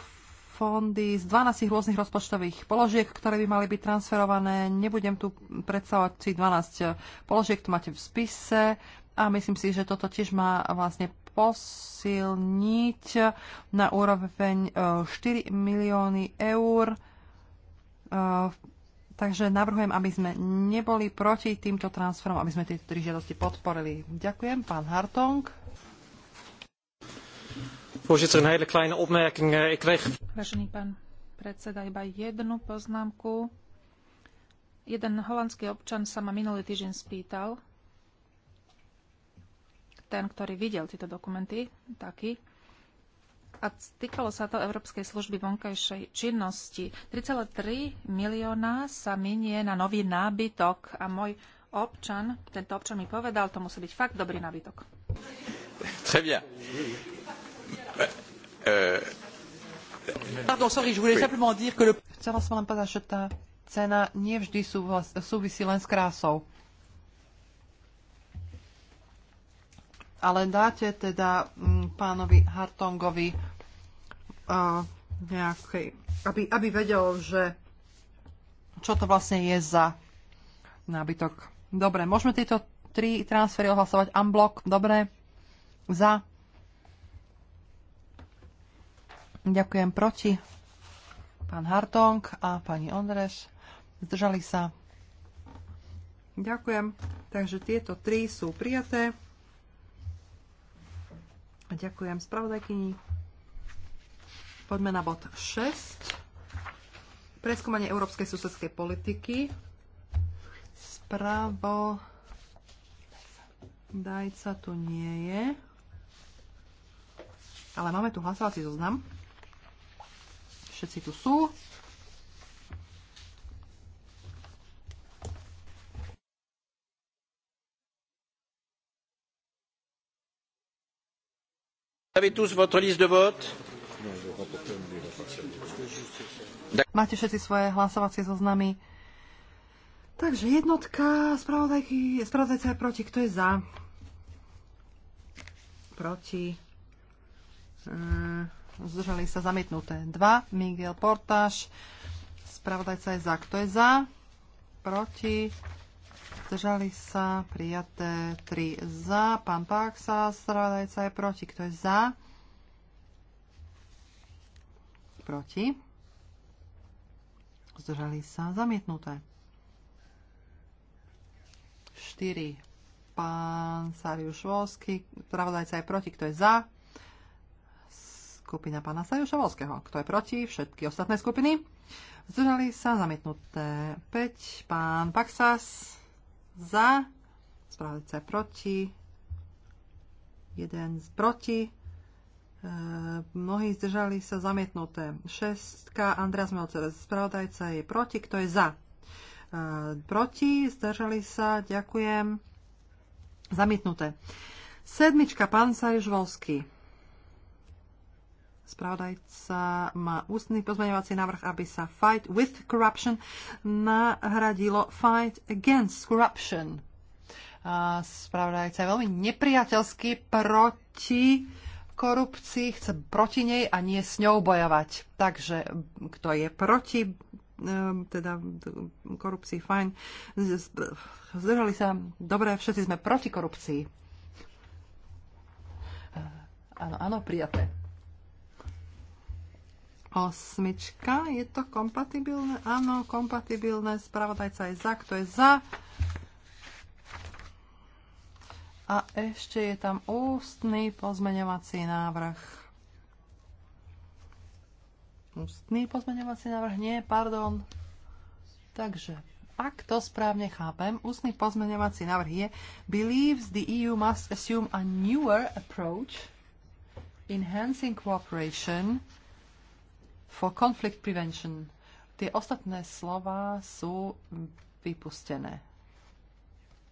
fondy z 12 rôznych rozpočtových položiek, ktoré by mali byť transferované. Nebudem tu predstavovať si 12 položiek, tu máte v spise a myslím si, že toto tiež má vlastne posilniť na úroveň 4 e, milióny eur. E, takže navrhujem, aby sme neboli proti týmto transferom, aby sme tieto tri žiadosti podporili. Ďakujem, pán Hartong. Voorzitter, een hele kleine opmerking. Eh, ik kreeg... Vážený pán predseda, iba jednu poznámku. Jeden holandský občan sa ma minulý týždeň spýtal, ten, ktorý videl tieto dokumenty, taký, a týkalo sa to Európskej služby vonkajšej činnosti. 3,3 milióna sa minie na nový nábytok a môj občan, tento občan mi povedal, to musí byť fakt dobrý nábytok. Très bien. Euh, Pardon, sorry, je voulais simplement dire que le... Chcela som len povedať, cena tá cena nevždy súvisí len s krásou. Ale dáte teda mm, pánovi Hartongovi uh, nejakej, aby, aby vedel, že čo to vlastne je za nábytok. Dobre, môžeme tieto tri transfery ohlasovať unblock, dobre, za, Ďakujem proti. Pán Hartong a pani Ondreš. Zdržali sa. Ďakujem. Takže tieto tri sú prijaté. ďakujem spravodajkyni. Poďme na bod 6. Preskúmanie európskej susedskej politiky. Spravo dajca tu nie je. Ale máme tu hlasovací zoznam. Všetci tu sú. Máte všetci svoje hlasovacie zoznamy. Takže jednotka, spravodajca je proti. Kto je za? Proti. Uh zdržali sa zamietnuté 2, Miguel Portáš, spravodajca je za, kto je za, proti, zdržali sa, prijaté 3 za, pán Paxa, spravodajca je proti, kto je za, proti, zdržali sa, zamietnuté 4, pán Sariuš Volsky, spravodajca je proti, kto je za, skupina pána Volského. Kto je proti? Všetky ostatné skupiny. Zdržali sa zamietnuté 5. Pán Paxas za. Spravodajca je proti. Jeden z proti. E, mnohí zdržali sa zamietnuté. 6. Andreas Melcer. Spravodajca je proti. Kto je za? E, proti. Zdržali sa. Ďakujem. Zamietnuté. Sedmička, pán Volský. Spravodajca má ústny pozmeňovací návrh, aby sa fight with corruption nahradilo fight against corruption. A spravodajca je veľmi nepriateľský proti korupcii, chce proti nej a nie s ňou bojovať. Takže kto je proti ehm, teda korupcii, fajn. Zdržali sa, dobre, všetci sme proti korupcii. Áno, áno, prijaté. Osmička, je to kompatibilné? Áno, kompatibilné. Spravodajca je za, kto je za. A ešte je tam ústny pozmeňovací návrh. Ústný pozmeňovací návrh? Nie, pardon. Takže, ak to správne chápem, ústny pozmeňovací návrh je Believes the EU must assume a newer approach enhancing cooperation for conflict prevention. Tie ostatné slova sú vypustené.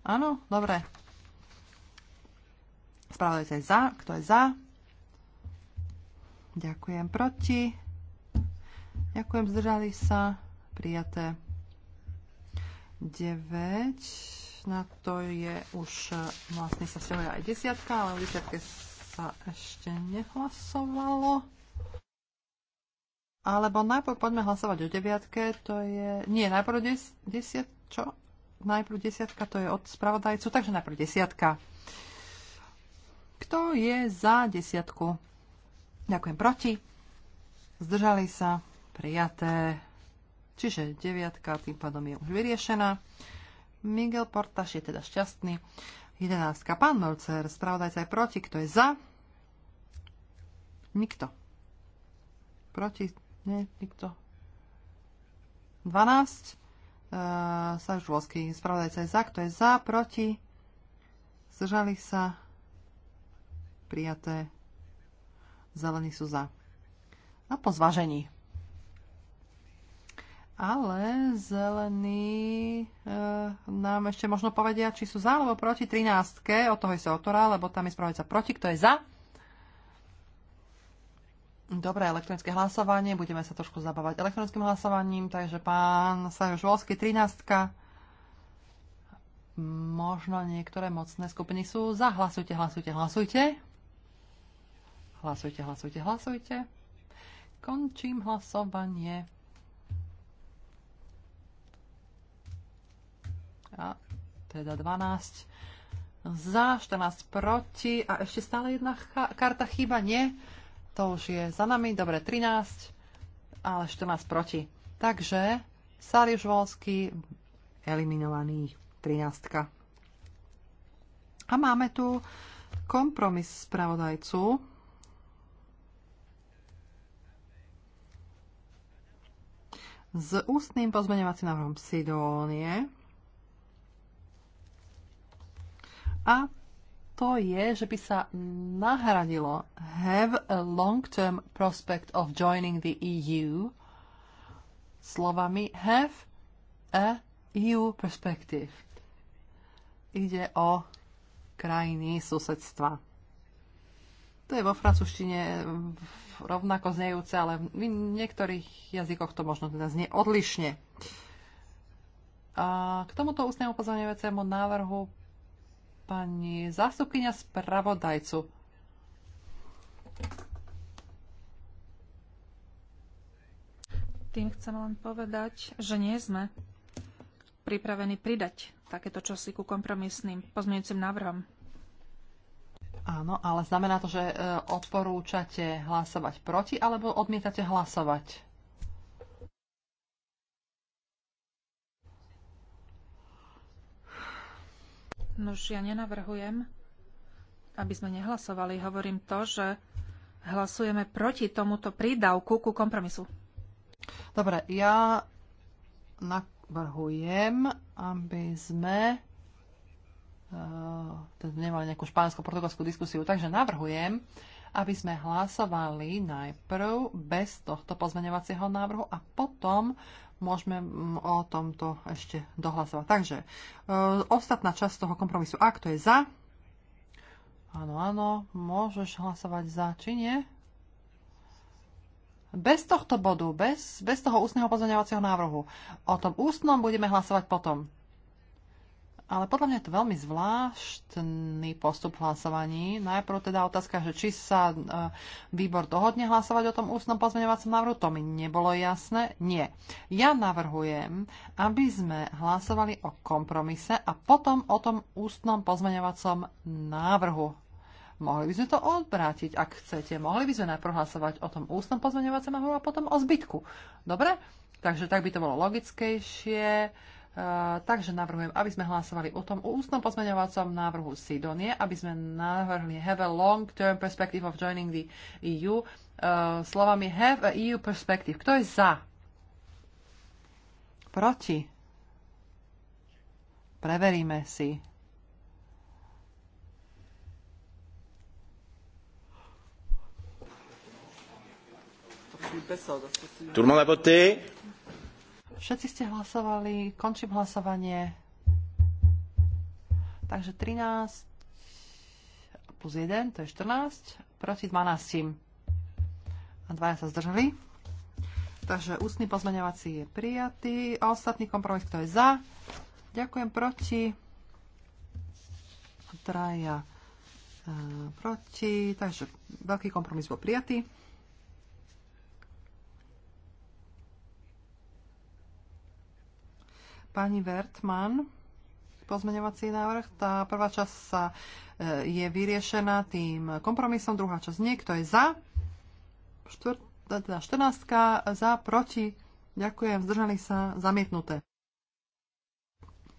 Áno, dobre. Spravodajca je za. Kto je za? Ďakujem proti. Ďakujem, zdržali sa. Prijaté. 9. Na to je už e, vlastne sa vzťahuje aj desiatka, ale o desiatke sa ešte nehlasovalo. Alebo najprv poďme hlasovať o deviatke, to je... Nie, najprv des, desiat... Čo? Najprv desiatka, to je od spravodajcu, takže najprv desiatka. Kto je za desiatku? Ďakujem proti. Zdržali sa. Prijaté. Čiže deviatka tým pádom je už vyriešená. Miguel Portaš je teda šťastný. 11. Pán Molcer, spravodajca je proti. Kto je za? Nikto. Proti nie, nikto. 12. Uh, Saž Dôlsky, spravodajca je za, kto je za, proti. Zdržali sa. Prijaté. Zelení sú za. A po zvažení. Ale zelení e, nám ešte možno povedia, či sú za alebo proti 13. Od toho je sa autora, lebo tam je spravodajca proti, kto je za. Dobré elektronické hlasovanie. Budeme sa trošku zabávať elektronickým hlasovaním. Takže pán Sajoš Volsky, 13. Možno niektoré mocné skupiny sú za. Hlasujte, hlasujte, hlasujte. Hlasujte, hlasujte, hlasujte. Končím hlasovanie. A teda 12 za, 14 proti a ešte stále jedna karta chýba, nie? to už je za nami, dobre 13, ale 14 proti. Takže Sariuš Volsky eliminovaný 13. A máme tu kompromis spravodajcu. S ústnym pozmeňovacím návrhom Sidónie. A to je, že by sa nahradilo have a long-term prospect of joining the EU slovami have a EU perspective. Ide o krajiny susedstva. To je vo francúzštine rovnako znejúce, ale v niektorých jazykoch to možno teda znie odlišne. A k tomuto ústnemu pozorňujúcemu návrhu pani zástupkynia spravodajcu. Tým chcem len povedať, že nie sme pripravení pridať takéto čosi ku kompromisným pozmeňujúcim návrhom. Áno, ale znamená to, že e, odporúčate hlasovať proti alebo odmietate hlasovať? Nož ja nenavrhujem, aby sme nehlasovali. Hovorím to, že hlasujeme proti tomuto prídavku ku kompromisu. Dobre, ja navrhujem, aby sme uh, nemali nejakú španielsko-portugalskú diskusiu, takže navrhujem, aby sme hlasovali najprv bez tohto pozmeňovacieho návrhu a potom môžeme mm, o tomto ešte dohlasovať. Takže e, ostatná časť toho kompromisu A, kto je za? Áno, áno, môžeš hlasovať za, či nie? Bez tohto bodu, bez, bez toho ústneho pozorňovacieho návrhu. O tom ústnom budeme hlasovať potom. Ale podľa mňa je to veľmi zvláštny postup hlasovaní. Najprv teda otázka, že či sa e, výbor dohodne hlasovať o tom ústnom pozmeňovacom návrhu, to mi nebolo jasné. Nie. Ja navrhujem, aby sme hlasovali o kompromise a potom o tom ústnom pozmeňovacom návrhu. Mohli by sme to odvrátiť, ak chcete. Mohli by sme najprv hlasovať o tom ústnom pozmeňovacom návrhu a potom o zbytku. Dobre? Takže tak by to bolo logickejšie takže navrhujem, aby sme hlasovali o tom ústnom pozmeňovacom návrhu Sidonie, aby sme navrhli have a long-term perspective of joining the EU uh, e, slovami have a EU perspective. Kto je za? Proti? Preveríme si. Tout le monde a voté Všetci ste hlasovali, končím hlasovanie. Takže 13 plus 1, to je 14, proti 12. A dvaja sa zdržali. Takže ústny pozmeňovací je prijatý. A ostatný kompromis, kto je za? Ďakujem proti. Traja e, proti. Takže veľký kompromis bol prijatý. Pani Vertman, pozmeňovací návrh, tá prvá časť sa e, je vyriešená tým kompromisom, druhá časť nie, kto je za, teda 14 za, proti, ďakujem, zdržali sa, zamietnuté.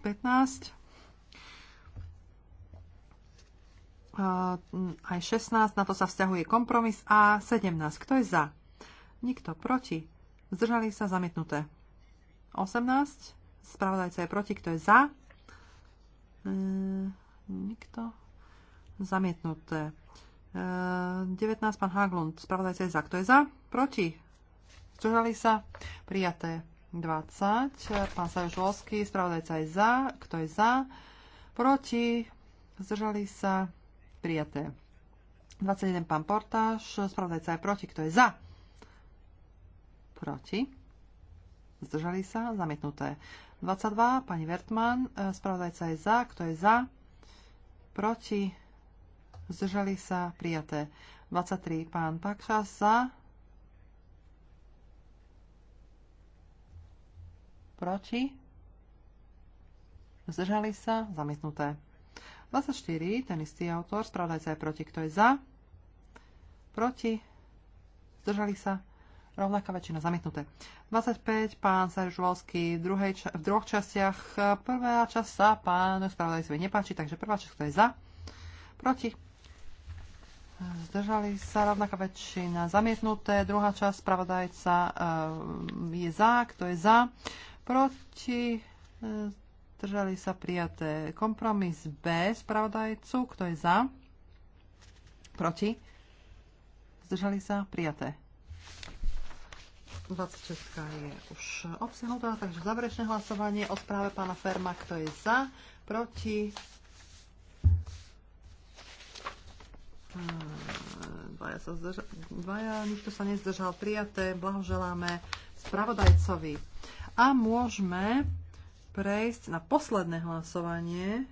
15 aj 16, na to sa vzťahuje kompromis a 17. Kto je za? Nikto proti. Zdržali sa zamietnuté. 18 Spravodajca je proti. Kto je za? E, nikto. Zamietnuté. E, 19. Pán Haglund. Spravodajca je za. Kto je za? Proti. Zdržali sa? Prijaté. 20. Pán Sajoš Volský. Spravodajca je za. Kto je za? Proti. Zdržali sa? Prijaté. 21. Pán Portáš. Spravodajca je proti. Kto je za? Proti. Zdržali sa? Zamietnuté. 22, pani Vertman, e, spravodajca je za, kto je za, proti, zdržali sa, prijaté. 23, pán Pakša za, proti, zdržali sa, zamietnuté. 24, ten istý autor, spravodajca je proti, kto je za, proti, zdržali sa, rovnaká väčšina zamietnuté. 25, pán Serž Volský v, druhej ča- v dvoch častiach. Prvá časť sa pánu spravodajcovi nepáči, takže prvá časť, kto je za, proti. Zdržali sa rovnaká väčšina zamietnuté. Druhá časť spravodajca uh, je za, kto je za, proti. Zdržali sa prijaté kompromis B spravodajcu, kto je za, proti. Zdržali sa prijaté 26 je už obsiahnutá, takže záverečné hlasovanie o správe pána Ferma, kto je za, proti. Ehm, dvaja, sa zdrža- dvaja nikto sa nezdržal, prijaté, blahoželáme spravodajcovi. A môžeme prejsť na posledné hlasovanie.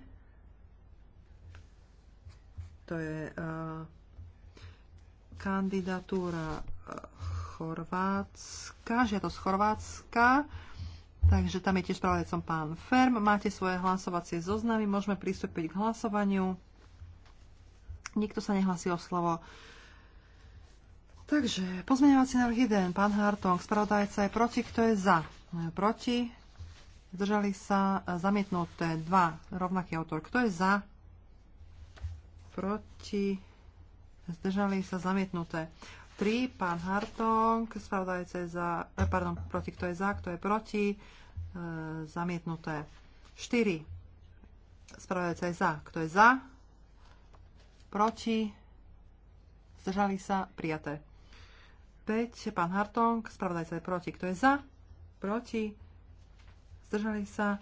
To je uh, kandidatúra Chorvátska, žiadosť Chorvátska, takže tam je tiež pravdecom pán Ferm. Máte svoje hlasovacie zoznamy, môžeme pristúpiť k hlasovaniu. Nikto sa nehlasí o slovo. Takže, pozmeňovací návrh 1, pán Hartong, spravodajca je proti, kto je za? Proti, zdržali sa e, zamietnuté Dva, rovnaký autor, kto je za? Proti, zdržali sa zamietnuté. 3, pán Hartong, spravodajca je za, eh, pardon, proti, kto je za, kto je proti, e, zamietnuté. 4, spravodajca je za, kto je za, proti, zdržali sa, prijaté. 5, pán Hartong, spravodajca je proti, kto je za, proti, zdržali sa,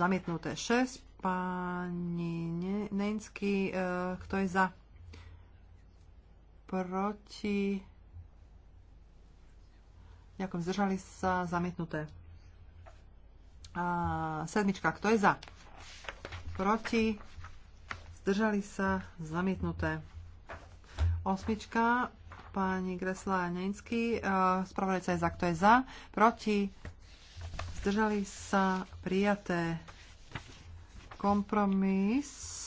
zamietnuté. 6, pani Nensky, e, kto je za, proti, ďakujem, zdržali sa, zamietnuté. A, sedmička, kto je za? Proti, zdržali sa, zamietnuté. Osmička, pani Gresla a spravodajca je za, kto je za? Proti, zdržali sa, prijaté kompromis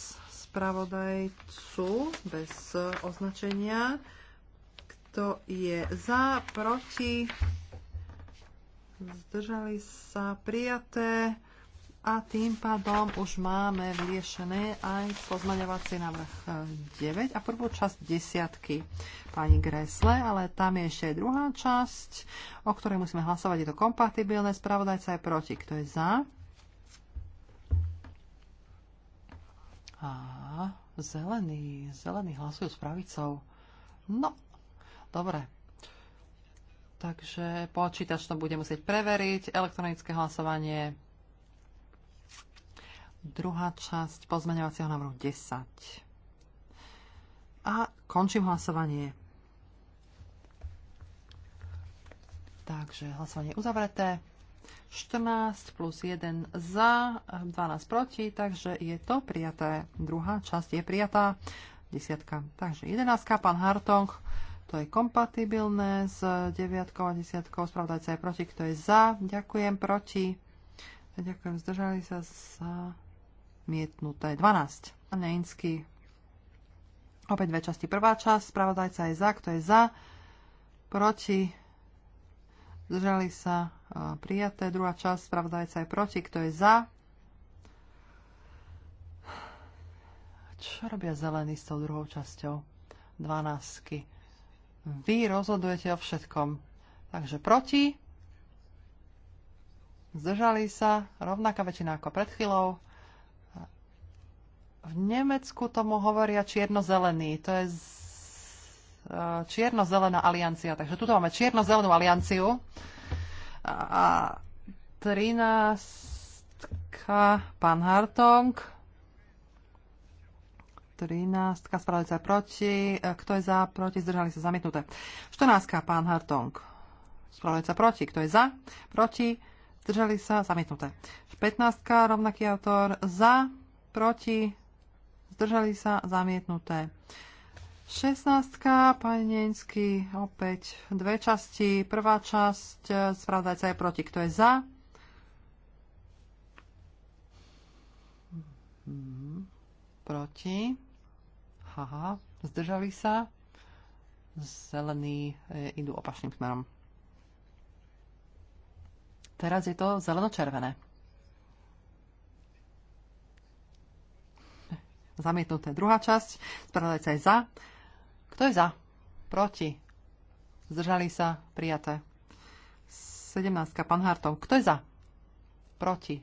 spravodajcu bez označenia. Kto je za, proti, zdržali sa, prijaté. A tým pádom už máme vyriešené aj pozmaňovací návrh 9 eh, a prvú časť desiatky pani Gresle, ale tam je ešte aj druhá časť, o ktorej musíme hlasovať. Je to kompatibilné, spravodajca je proti. Kto je za? Zelený, zelený hlasujú s pravicou. No, dobre. Takže počítač to bude musieť preveriť. Elektronické hlasovanie. Druhá časť pozmeňovacieho návrhu 10. A končím hlasovanie. Takže hlasovanie je uzavreté. 14 plus 1 za, 12 proti, takže je to prijaté. Druhá časť je prijatá, desiatka. Takže 11, pán Hartong, to je kompatibilné s 9 a 10, spravodajca je proti, kto je za, ďakujem, proti, ďakujem, zdržali sa za mietnuté 12. Neinsky, opäť dve časti. Prvá časť, spravodajca je za, kto je za, proti, zdržali sa prijaté. Druhá časť, spravodajca je proti, kto je za. Čo robia zelení s tou druhou časťou? 12. Vy rozhodujete o všetkom. Takže proti, zdržali sa, rovnaká väčšina ako pred chvíľou. V Nemecku tomu hovoria čierno-zelený. To je e, čierno-zelená aliancia. Takže tuto máme čierno-zelenú alianciu. A 13. Pán Hartong. 13. E, sa proti. Kto je za? Proti. Zdržali sa zamietnuté. 14. Pán Hartong. sa proti. Kto je za? Proti. Zdržali sa zamietnuté. 15. Rovnaký autor. Za. Proti. Zdržali sa zamietnuté. 16. Pani Neňský, opäť dve časti. Prvá časť, e, spravodajca je proti, kto je za. Proti. Haha, zdržali sa. Zelení e, idú opačným smerom. Teraz je to zeleno-červené. Zamietnuté druhá časť. Spravdajca je za. Kto je za? Proti? Zdržali sa? Prijaté. 17. Pán Hartov. Kto je za? Proti?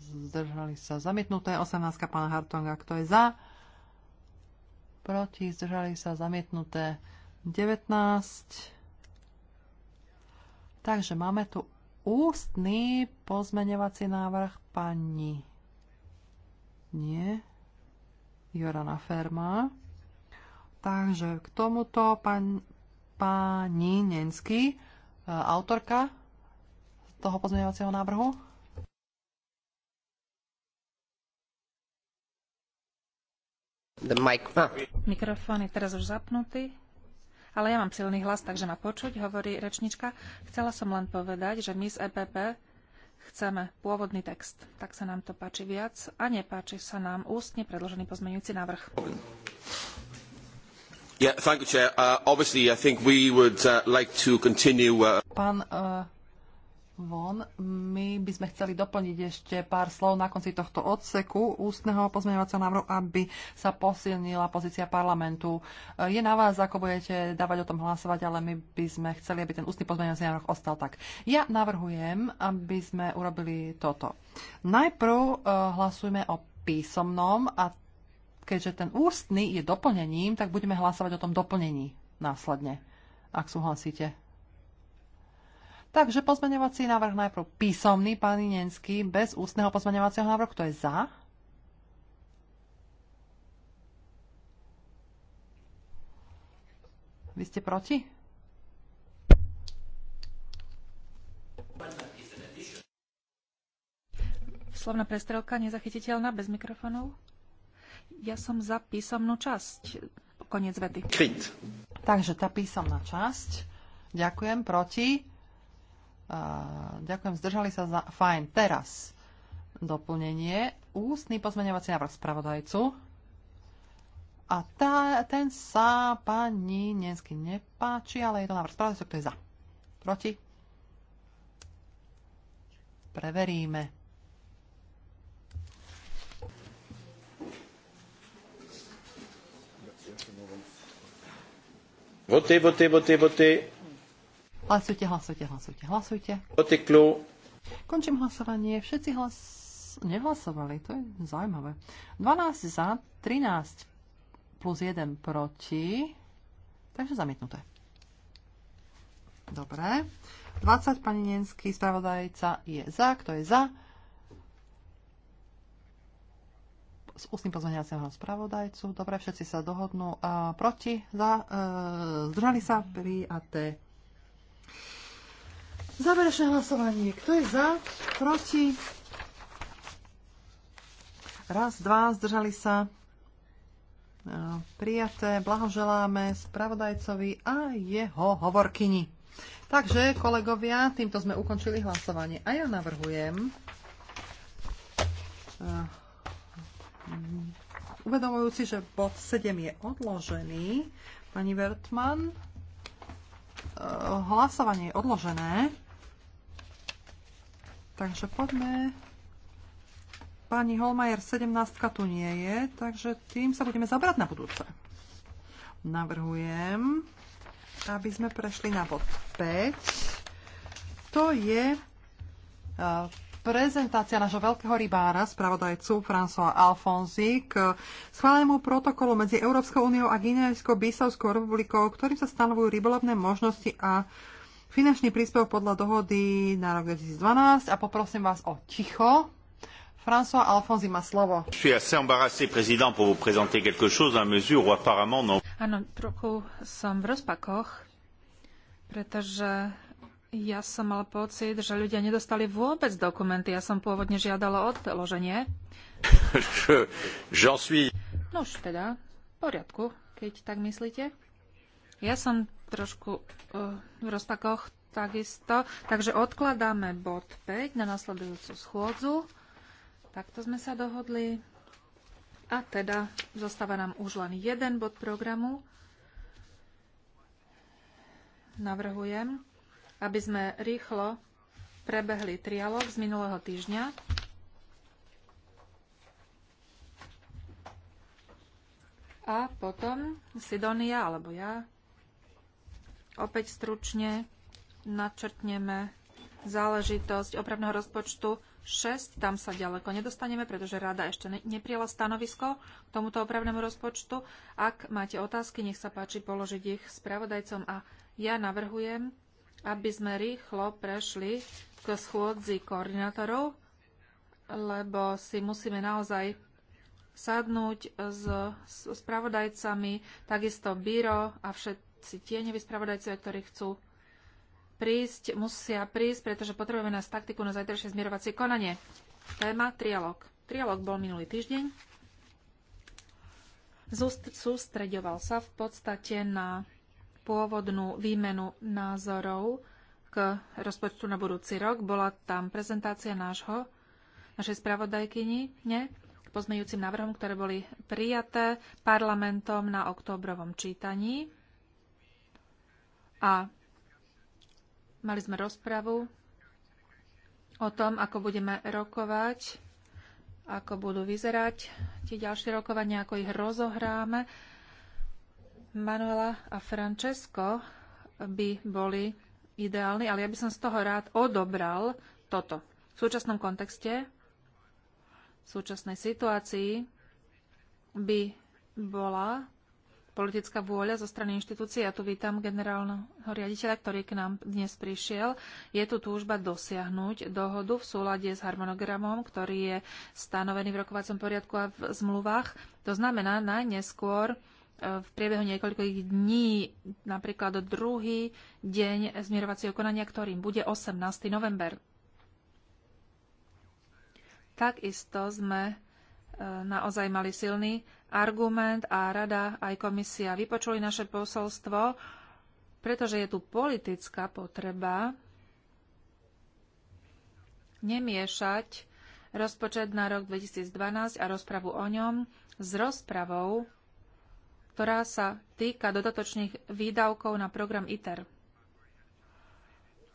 Zdržali sa? Zamietnuté. 18. Pán Hartonga. Kto je za? Proti? Zdržali sa? Zamietnuté. 19. Takže máme tu ústny pozmeňovací návrh pani. Nie. Jorana Ferma. Takže k tomuto pani Nensky, e, autorka toho pozmeňovacieho návrhu. Mic ah. Mikrofón je teraz už zapnutý, ale ja mám silný hlas, takže ma počuť, hovorí rečnička. Chcela som len povedať, že my z EPP chceme pôvodný text. Tak sa nám to páči viac a nepáči sa nám ústne predložený pozmeňujúci návrh thank you, Chair. Uh, obviously, I think we would uh, like to continue. Uh... Pán uh, Von, my by sme chceli doplniť ešte pár slov na konci tohto odseku ústneho pozmeňovacieho návrhu, aby sa posilnila pozícia parlamentu. Uh, je na vás, ako budete dávať o tom hlasovať, ale my by sme chceli, aby ten ústny pozmeňovací návrh ostal tak. Ja navrhujem, aby sme urobili toto. Najprv uh, hlasujme o písomnom a keďže ten ústny je doplnením, tak budeme hlasovať o tom doplnení následne, ak súhlasíte. Takže pozmeňovací návrh najprv písomný, pán Inenský, bez ústneho pozmeňovacieho návrhu. Kto je za? Vy ste proti? Slovná prestrelka nezachytiteľná bez mikrofónov. Ja som za písomnú časť. Konec vety. Kryt. Takže tá písomná časť. Ďakujem. Proti? Uh, ďakujem. Zdržali sa za... Fajn. Teraz doplnenie. Ústny pozmeňovací návrh spravodajcu. A tá, ten sa pani Nensky nepáči, ale je to návrh spravodajcu, kto je za. Proti? Preveríme. Votez, votez, votez, votez. Hlasujte, hlasujte, hlasujte, hlasujte. Votez klo. Končím hlasovanie. Všetci hlas... nehlasovali, to je zaujímavé. 12 za, 13 plus 1 proti. Takže zamietnuté. Dobre. 20 pani Nenský, spravodajca, je za. Kto je za? s ústnym pozvaniacím spravodajcu. Dobre, všetci sa dohodnú. A proti, za, e, zdržali sa, prijaté. Záverečné hlasovanie. Kto je za, proti? Raz, dva, zdržali sa. E, prijaté, blahoželáme spravodajcovi a jeho hovorkyni. Takže, kolegovia, týmto sme ukončili hlasovanie. A ja navrhujem, e, uvedomujúci, že bod 7 je odložený, pani Vertman, e, hlasovanie je odložené. Takže poďme. Pani Holmajer, 17 tu nie je, takže tým sa budeme zabrať na budúce. Navrhujem, aby sme prešli na bod 5. To je e, prezentácia nášho veľkého rybára, spravodajcu François Alfonzi, k schválenému protokolu medzi Európskou úniou a Guinejskou bisovskou republikou, ktorým sa stanovujú rybolovné možnosti a finančný príspevok podľa dohody na rok 2012. A poprosím vás o ticho. François Alfonzi má slovo. Áno, trochu som v rozpakoch, pretože ja som mal pocit, že ľudia nedostali vôbec dokumenty. Ja som pôvodne žiadala odloženie. už teda, v poriadku, keď tak myslíte. Ja som trošku uh, v rozpakoch takisto. Takže odkladáme bod 5 na nasledujúcu schôdzu. Takto sme sa dohodli. A teda zostáva nám už len jeden bod programu. Navrhujem, aby sme rýchlo prebehli trialog z minulého týždňa. A potom Sidonia alebo ja opäť stručne načrtneme záležitosť opravného rozpočtu 6. Tam sa ďaleko nedostaneme, pretože rada ešte neprijela stanovisko k tomuto opravnému rozpočtu. Ak máte otázky, nech sa páči položiť ich spravodajcom a ja navrhujem, aby sme rýchlo prešli k schôdzi koordinátorov, lebo si musíme naozaj sadnúť s, spravodajcami, takisto Biro a všetci tieňoví spravodajcovia, ktorí chcú prísť, musia prísť, pretože potrebujeme nás taktiku na zajtrajšie zmierovacie konanie. Téma trialog. Trialog bol minulý týždeň. Sústreďoval sa v podstate na pôvodnú výmenu názorov k rozpočtu na budúci rok. Bola tam prezentácia nášho, našej spravodajkyni ne, k pozmejúcim návrhom, ktoré boli prijaté parlamentom na oktobrovom čítaní. A mali sme rozpravu o tom, ako budeme rokovať, ako budú vyzerať tie ďalšie rokovania, ako ich rozohráme Manuela a Francesco by boli ideálni, ale ja by som z toho rád odobral toto. V súčasnom kontexte, v súčasnej situácii by bola politická vôľa zo strany inštitúcií. Ja tu vítam generálneho riaditeľa, ktorý k nám dnes prišiel. Je tu túžba dosiahnuť dohodu v súlade s harmonogramom, ktorý je stanovený v rokovacom poriadku a v zmluvách. To znamená najneskôr v priebehu niekoľkých dní, napríklad druhý deň zmierovacieho konania, ktorým bude 18. november. Takisto sme e, naozaj mali silný argument a rada aj komisia vypočuli naše posolstvo, pretože je tu politická potreba nemiešať rozpočet na rok 2012 a rozpravu o ňom s rozpravou ktorá sa týka dodatočných výdavkov na program ITER.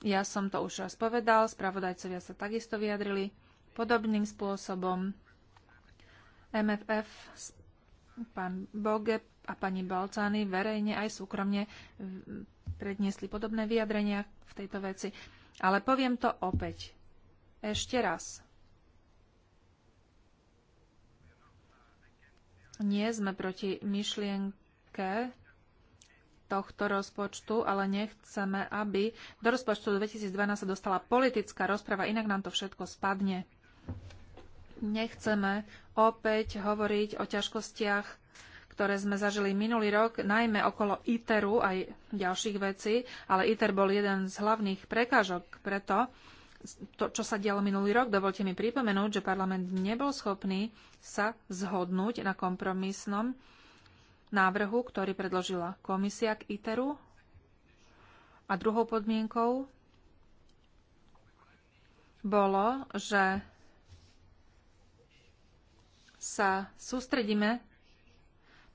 Ja som to už raz povedal, spravodajcovia sa takisto vyjadrili podobným spôsobom. MFF, pán Boge a pani Balcány verejne aj súkromne predniesli podobné vyjadrenia v tejto veci. Ale poviem to opäť. Ešte raz. nie sme proti myšlienke tohto rozpočtu, ale nechceme, aby do rozpočtu 2012 sa dostala politická rozprava, inak nám to všetko spadne. Nechceme opäť hovoriť o ťažkostiach, ktoré sme zažili minulý rok, najmä okolo ITERu aj ďalších vecí, ale ITER bol jeden z hlavných prekážok, preto to, čo sa dialo minulý rok, dovolte mi pripomenúť, že parlament nebol schopný sa zhodnúť na kompromisnom návrhu, ktorý predložila komisia k ITERu. A druhou podmienkou bolo, že sa sústredíme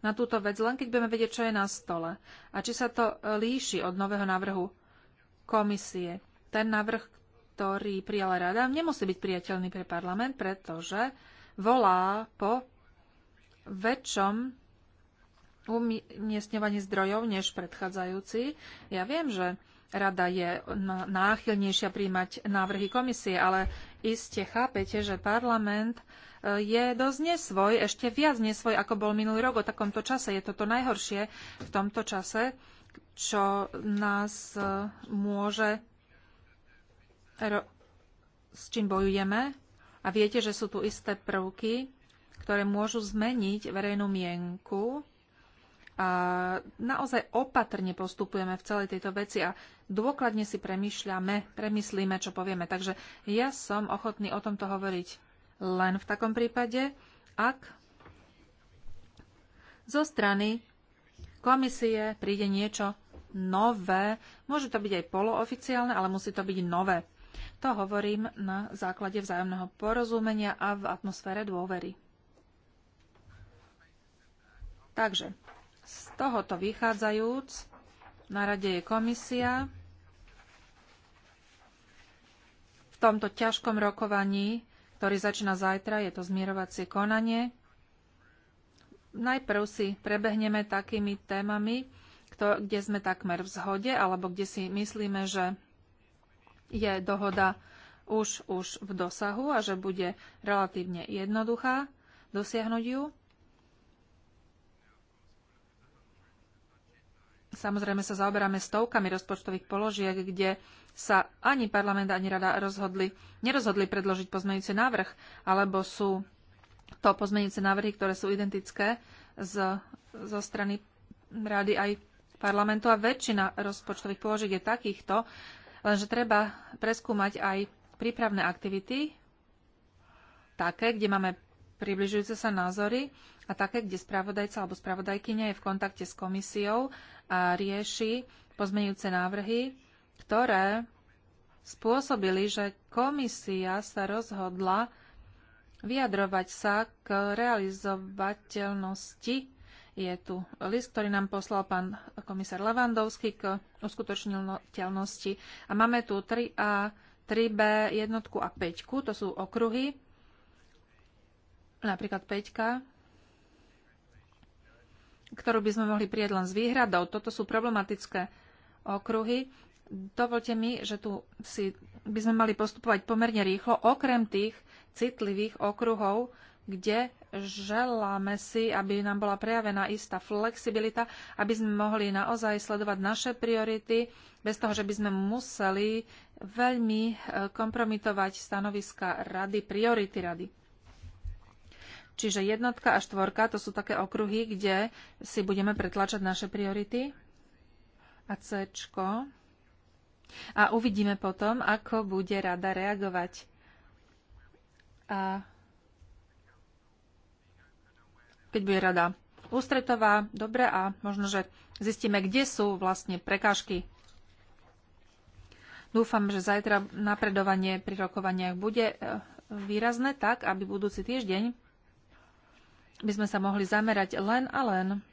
na túto vec, len keď budeme vedieť, čo je na stole a či sa to líši od nového návrhu komisie. Ten návrh, ktorý prijala rada, nemusí byť priateľný pre parlament, pretože volá po väčšom umiestňovaní zdrojov než predchádzajúci. Ja viem, že rada je náchylnejšia príjmať návrhy komisie, ale iste chápete, že parlament e, je dosť nesvoj, ešte viac nesvoj, ako bol minulý rok o takomto čase. Je toto najhoršie v tomto čase, čo nás e, môže s čím bojujeme a viete, že sú tu isté prvky, ktoré môžu zmeniť verejnú mienku. A naozaj opatrne postupujeme v celej tejto veci a dôkladne si premýšľame, premyslíme, čo povieme. Takže ja som ochotný o tomto hovoriť len v takom prípade, ak zo strany komisie príde niečo nové. Môže to byť aj polooficiálne, ale musí to byť nové. To hovorím na základe vzájomného porozumenia a v atmosfére dôvery. Takže, z tohoto vychádzajúc, na rade je komisia. V tomto ťažkom rokovaní, ktorý začína zajtra, je to zmierovacie konanie. Najprv si prebehneme takými témami, kde sme takmer v zhode, alebo kde si myslíme, že je dohoda už, už v dosahu a že bude relatívne jednoduchá dosiahnuť ju. Samozrejme sa zaoberáme stovkami rozpočtových položiek, kde sa ani parlament, ani rada rozhodli, nerozhodli predložiť pozmeňujúci návrh, alebo sú to pozmeňujúce návrhy, ktoré sú identické z, zo strany rady aj parlamentu a väčšina rozpočtových položiek je takýchto, Lenže treba preskúmať aj prípravné aktivity, také, kde máme približujúce sa názory a také, kde spravodajca alebo spravodajkynia je v kontakte s komisiou a rieši pozmenujúce návrhy, ktoré spôsobili, že komisia sa rozhodla vyjadrovať sa k realizovateľnosti je tu list, ktorý nám poslal pán komisár Levandovský k uskutočniteľnosti. A máme tu 3A, 3B, jednotku a 5. To sú okruhy. Napríklad 5, ktorú by sme mohli prijať len s výhradou. Toto sú problematické okruhy. Dovolte mi, že tu si by sme mali postupovať pomerne rýchlo, okrem tých citlivých okruhov, kde želáme si, aby nám bola prejavená istá flexibilita, aby sme mohli naozaj sledovať naše priority, bez toho, že by sme museli veľmi e, kompromitovať stanoviska rady, priority rady. Čiže jednotka a štvorka to sú také okruhy, kde si budeme pretlačať naše priority a C. -čko. A uvidíme potom, ako bude rada reagovať. A keď bude rada ústretová, dobre, a možno, že zistíme, kde sú vlastne prekážky. Dúfam, že zajtra napredovanie pri rokovaniach bude e, výrazné tak, aby budúci týždeň by sme sa mohli zamerať len a len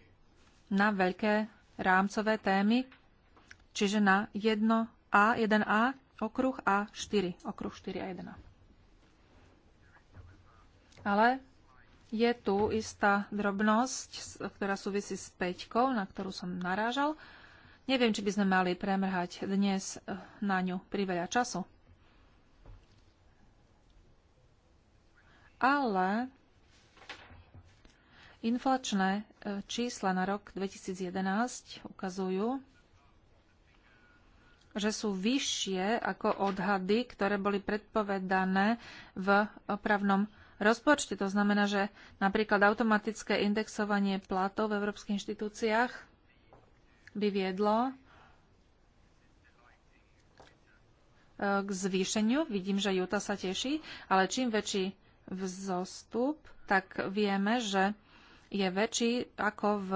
na veľké rámcové témy, čiže na 1A, 1A, okruh A4, okruh 4 a 1A. Ale je tu istá drobnosť, ktorá súvisí s peťkou, na ktorú som narážal. Neviem, či by sme mali premrhať dnes eh, na ňu priveľa času. Ale inflačné eh, čísla na rok 2011 ukazujú, že sú vyššie ako odhady, ktoré boli predpovedané v opravnom rozpočty. To znamená, že napríklad automatické indexovanie platov v európskych inštitúciách by viedlo e, k zvýšeniu. Vidím, že Juta sa teší, ale čím väčší vzostup, tak vieme, že je väčší ako v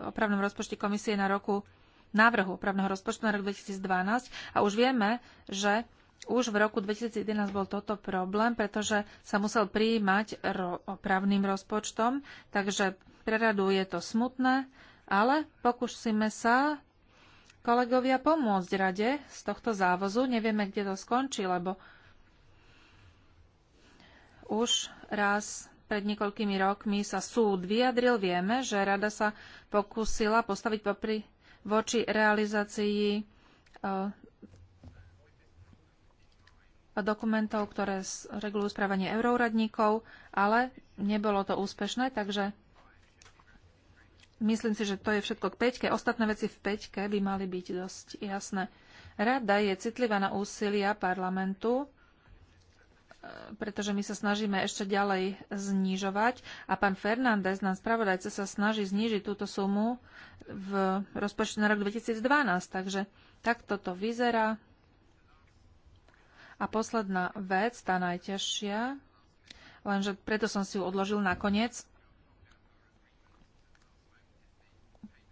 opravnom rozpočte komisie na roku návrhu opravného rozpočtu na rok 2012 a už vieme, že už v roku 2011 bol toto problém, pretože sa musel prijímať ro- opravným rozpočtom, takže pre radu je to smutné, ale pokúsime sa kolegovia pomôcť rade z tohto závozu. Nevieme, kde to skončí, lebo už raz pred niekoľkými rokmi sa súd vyjadril, vieme, že rada sa pokúsila postaviť popri voči realizácii e, dokumentov, ktoré regulujú správanie euroradníkov, ale nebolo to úspešné, takže myslím si, že to je všetko k peťke. Ostatné veci v peťke by mali byť dosť jasné. Rada je citlivá na úsilia parlamentu, e, pretože my sa snažíme ešte ďalej znižovať a pán Fernández, nám spravodajca, sa snaží znižiť túto sumu v rozpočte na rok 2012. Takže takto to vyzerá. A posledná vec, tá najťažšia, lenže preto som si ju odložil na koniec.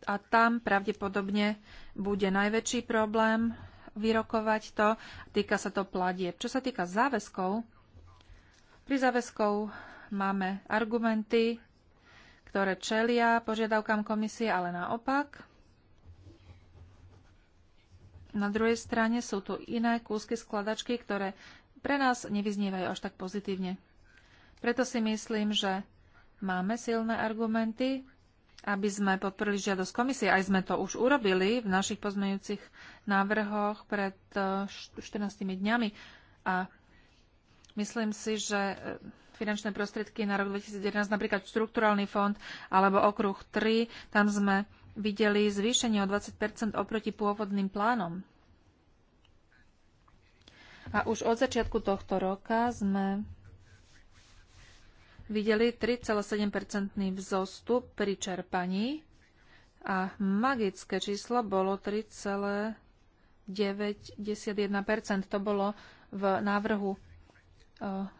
A tam pravdepodobne bude najväčší problém vyrokovať to. Týka sa to pladieb. Čo sa týka záväzkov, pri záväzkov máme argumenty, ktoré čelia požiadavkám komisie, ale naopak – na druhej strane sú tu iné kúsky skladačky, ktoré pre nás nevyznievajú až tak pozitívne. Preto si myslím, že máme silné argumenty, aby sme podporili žiadosť komisie. Aj sme to už urobili v našich pozmeňujúcich návrhoch pred 14 e, dňami. A myslím si, že e, finančné prostriedky na rok 2011, napríklad štrukturálny fond alebo okruh 3, tam sme videli zvýšenie o 20 oproti pôvodným plánom. A už od začiatku tohto roka sme videli 3,7-percentný vzostup pri čerpaní a magické číslo bolo 3,91 To bolo v návrhu e,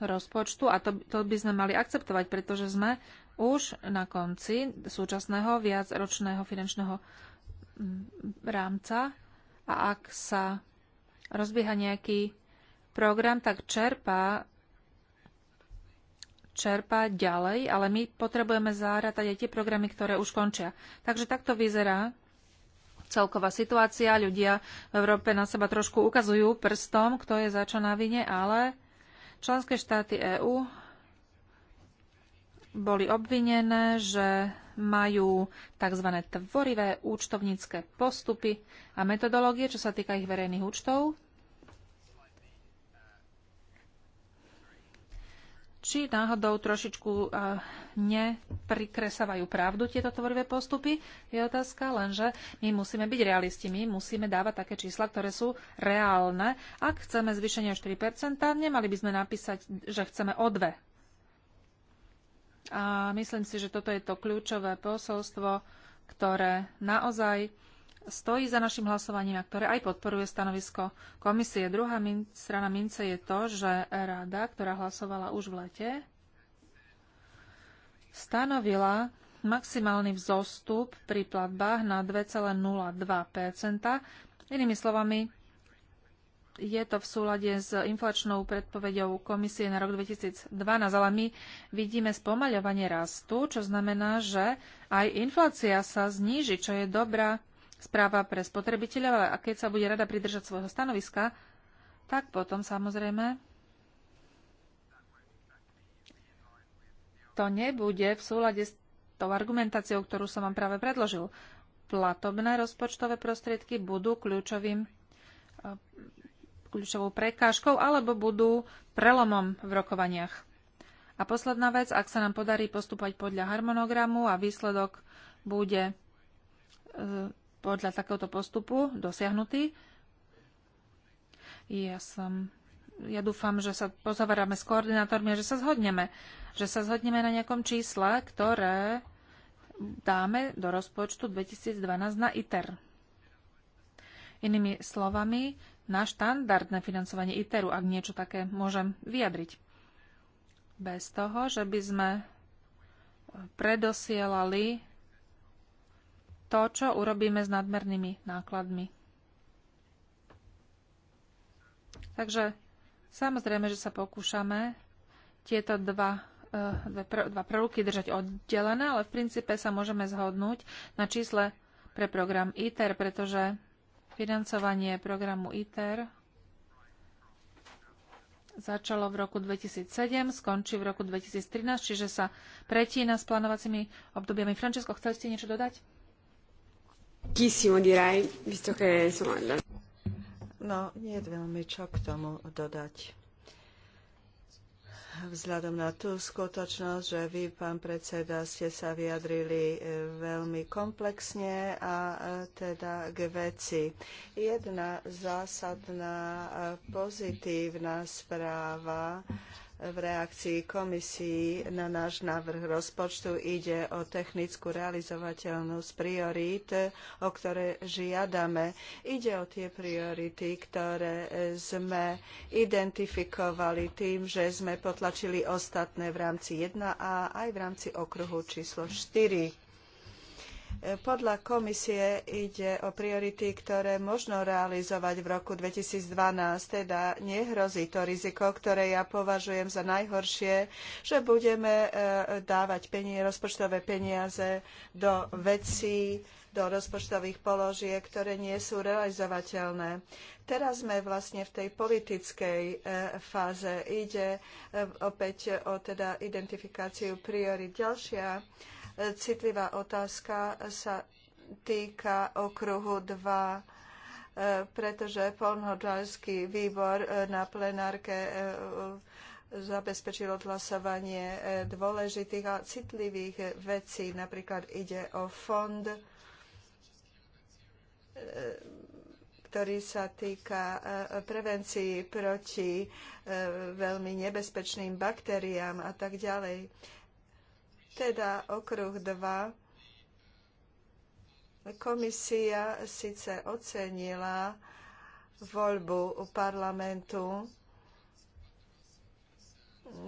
rozpočtu a to, to by sme mali akceptovať, pretože sme už na konci súčasného viacročného finančného mm, rámca a ak sa rozbieha nejaký program, tak čerpa čerpa ďalej, ale my potrebujeme zárátať aj tie programy, ktoré už končia. Takže takto vyzerá celková situácia. Ľudia v Európe na seba trošku ukazujú prstom, kto je za čo na vine, ale členské štáty EÚ boli obvinené, že majú tzv. tvorivé účtovnícke postupy a metodológie, čo sa týka ich verejných účtov. Či náhodou trošičku uh, neprikresávajú pravdu tieto tvorivé postupy, je otázka, lenže my musíme byť realisti, my musíme dávať také čísla, ktoré sú reálne. Ak chceme zvýšenie o 4%, nemali by sme napísať, že chceme o a myslím si, že toto je to kľúčové posolstvo, ktoré naozaj stojí za našim hlasovaním a ktoré aj podporuje stanovisko komisie. Druhá min- strana mince je to, že rada, ktorá hlasovala už v lete, stanovila maximálny vzostup pri platbách na 2,02 Inými slovami, je to v súlade s inflačnou predpovedou komisie na rok 2012, ale my vidíme spomaľovanie rastu, čo znamená, že aj inflácia sa zníži, čo je dobrá správa pre spotrebiteľov ale keď sa bude rada pridržať svojho stanoviska, tak potom samozrejme to nebude v súlade s tou argumentáciou, ktorú som vám práve predložil. Platobné rozpočtové prostriedky budú kľúčovým kľúčovou prekážkou alebo budú prelomom v rokovaniach. A posledná vec, ak sa nám podarí postúpať podľa harmonogramu a výsledok bude e, podľa takéhoto postupu dosiahnutý, ja som ja dúfam, že sa pozaveráme s koordinátormi a že sa zhodneme. Že sa zhodneme na nejakom čísle, ktoré dáme do rozpočtu 2012 na ITER. Inými slovami, na štandardné financovanie ITERu, ak niečo také môžem vyjadriť. Bez toho, že by sme predosielali to, čo urobíme s nadmernými nákladmi. Takže samozrejme, že sa pokúšame tieto dva, eh, dve, dva prvky držať oddelené, ale v princípe sa môžeme zhodnúť na čísle pre program ITER, pretože Financovanie programu ITER začalo v roku 2007, skončí v roku 2013, čiže sa pretína s plánovacími obdobiami. Francesco, chceli ste niečo dodať? No, nie je veľmi čo k tomu dodať vzhľadom na tú skutočnosť, že vy, pán predseda, ste sa vyjadrili e, veľmi komplexne a e, teda k veci. Jedna zásadná e, pozitívna správa v reakcii komisii na náš návrh rozpočtu ide o technickú realizovateľnosť priorít, o ktoré žiadame. Ide o tie priority, ktoré sme identifikovali tým, že sme potlačili ostatné v rámci 1A aj v rámci okruhu číslo 4 podľa komisie ide o priority, ktoré možno realizovať v roku 2012, teda nehrozí to riziko, ktoré ja považujem za najhoršie, že budeme e, dávať rozpočtové peniaze do vecí, do rozpočtových položiek, ktoré nie sú realizovateľné. Teraz sme vlastne v tej politickej e, fáze. Ide e, opäť o teda identifikáciu priorit. Ďalšia Citlivá otázka sa týka okruhu 2 e, pretože polnohospodársky výbor e, na plenárke e, zabezpečil odhlasovanie dôležitých a citlivých vecí. Napríklad ide o fond, ktorý sa týka prevencii proti veľmi nebezpečným baktériám a tak ďalej. Teda okruh 2. Komisia síce ocenila voľbu parlamentu,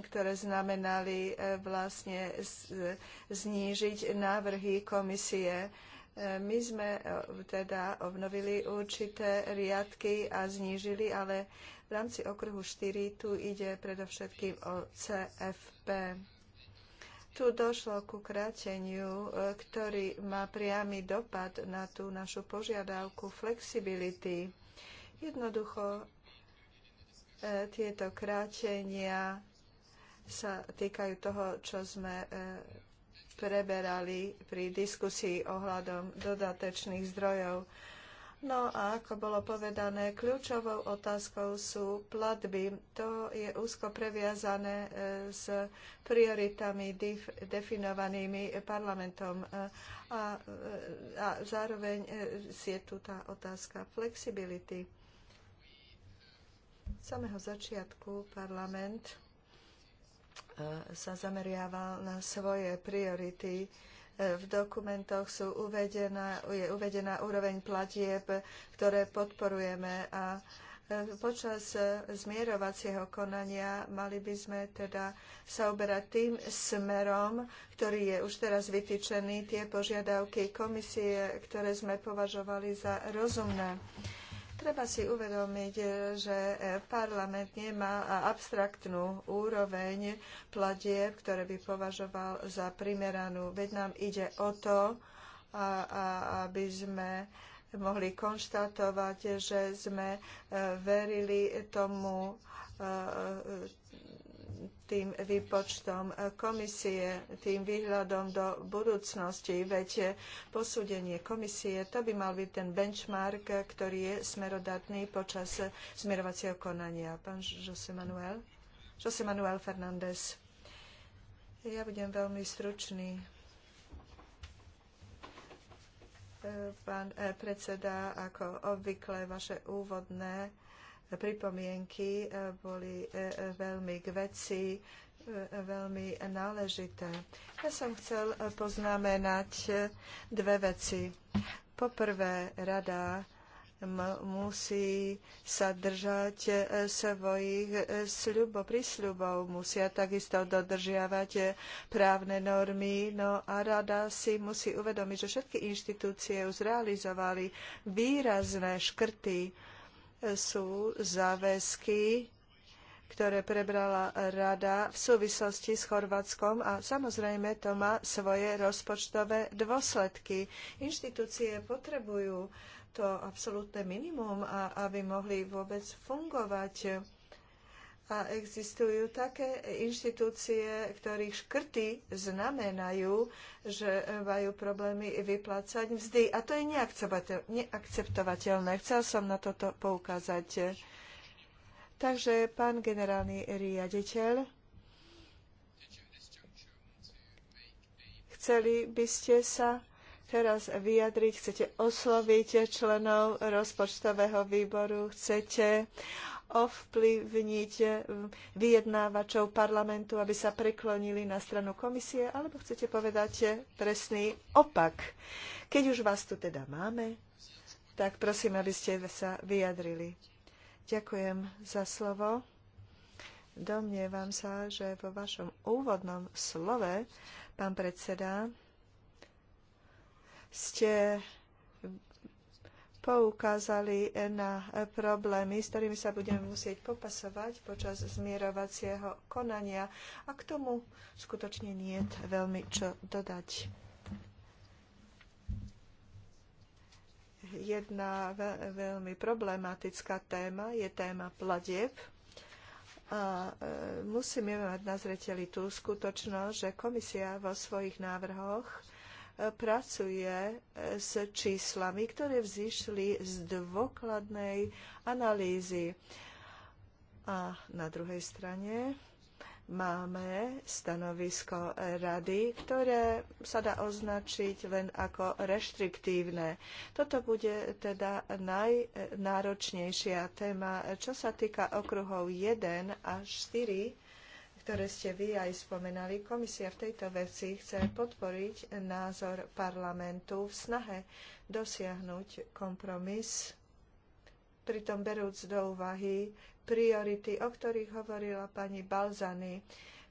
ktoré znamenali e, vlastne e, znížiť návrhy komisie. E, my sme teda obnovili určité riadky a znížili, ale v rámci okruhu 4 tu ide predovšetkým o CFP. Tu došlo ku kráteniu, e, ktorý má priamy dopad na tú našu požiadavku flexibility. Jednoducho e, tieto krátenia sa týkajú toho, čo sme e, preberali pri diskusii ohľadom dodatečných zdrojov. No a ako bolo povedané, kľúčovou otázkou sú platby. To je úzko previazané e, s prioritami definovanými parlamentom. E, a, e, a zároveň je tu tá otázka flexibility. Od samého začiatku parlament sa zameriaval na svoje priority v dokumentoch sú uvedená, je uvedená úroveň platieb, ktoré podporujeme a e, počas e, zmierovacieho konania mali by sme teda sa uberať tým smerom, ktorý je už teraz vytýčený, tie požiadavky komisie, ktoré sme považovali za rozumné. Treba si uvedomiť, že parlament nemá abstraktnú úroveň platieb, ktoré by považoval za primeranú. Veď nám ide o to, aby sme mohli konštatovať, že sme e, verili tomu, e, tým výpočtom komisie, tým výhľadom do budúcnosti. Veď posúdenie komisie, to by mal byť ten benchmark, ktorý je smerodatný počas smerovacieho konania. Pán José Manuel? José Manuel Fernández. Ja budem veľmi stručný. Pán eh, predseda, ako obvykle, vaše úvodné pripomienky e, boli e, e, veľmi k veci, veľmi náležité. Ja som chcel poznamenať dve veci. Poprvé, rada musí sa držať svojich sľubov, prísľubov, musia takisto dodržiavať právne normy. No a rada si musí uvedomiť, že všetky inštitúcie už zrealizovali výrazné škrty sú záväzky, ktoré prebrala rada v súvislosti s Chorvátskom a samozrejme to má svoje rozpočtové dôsledky. Inštitúcie potrebujú to absolútne minimum, a aby mohli vôbec fungovať a existujú také inštitúcie, ktorých škrty znamenajú, že majú problémy vyplácať mzdy. A to je neakceptovateľné. Chcel som na toto poukázať. Takže pán generálny riaditeľ, chceli by ste sa teraz vyjadriť, chcete osloviť členov rozpočtového výboru, chcete ovplyvniť um, vyjednávačov parlamentu, aby sa preklonili na stranu komisie, alebo chcete povedať eh, presný opak? Keď už vás tu teda máme, tak prosím, aby ste sa vyjadrili. Ďakujem za slovo. Domnievam sa, že vo vašom úvodnom slove, pán predseda, ste poukázali na problémy, s ktorými sa budeme musieť popasovať počas zmierovacieho konania a k tomu skutočne nie je veľmi čo dodať. Jedna veľmi problematická téma je téma pladieb. A e, musíme mať na zreteli tú skutočnosť, že komisia vo svojich návrhoch pracuje e, s číslami, ktoré vzýšli z dôkladnej analýzy. A na druhej strane máme stanovisko rady, ktoré sa dá označiť len ako reštriktívne. Toto bude teda najnáročnejšia téma, čo sa týka okruhov 1 až 4 ktoré ste vy aj spomenali. Komisia v tejto veci chce podporiť názor parlamentu v snahe dosiahnuť kompromis, pritom berúc do úvahy priority, o ktorých hovorila pani Balzany.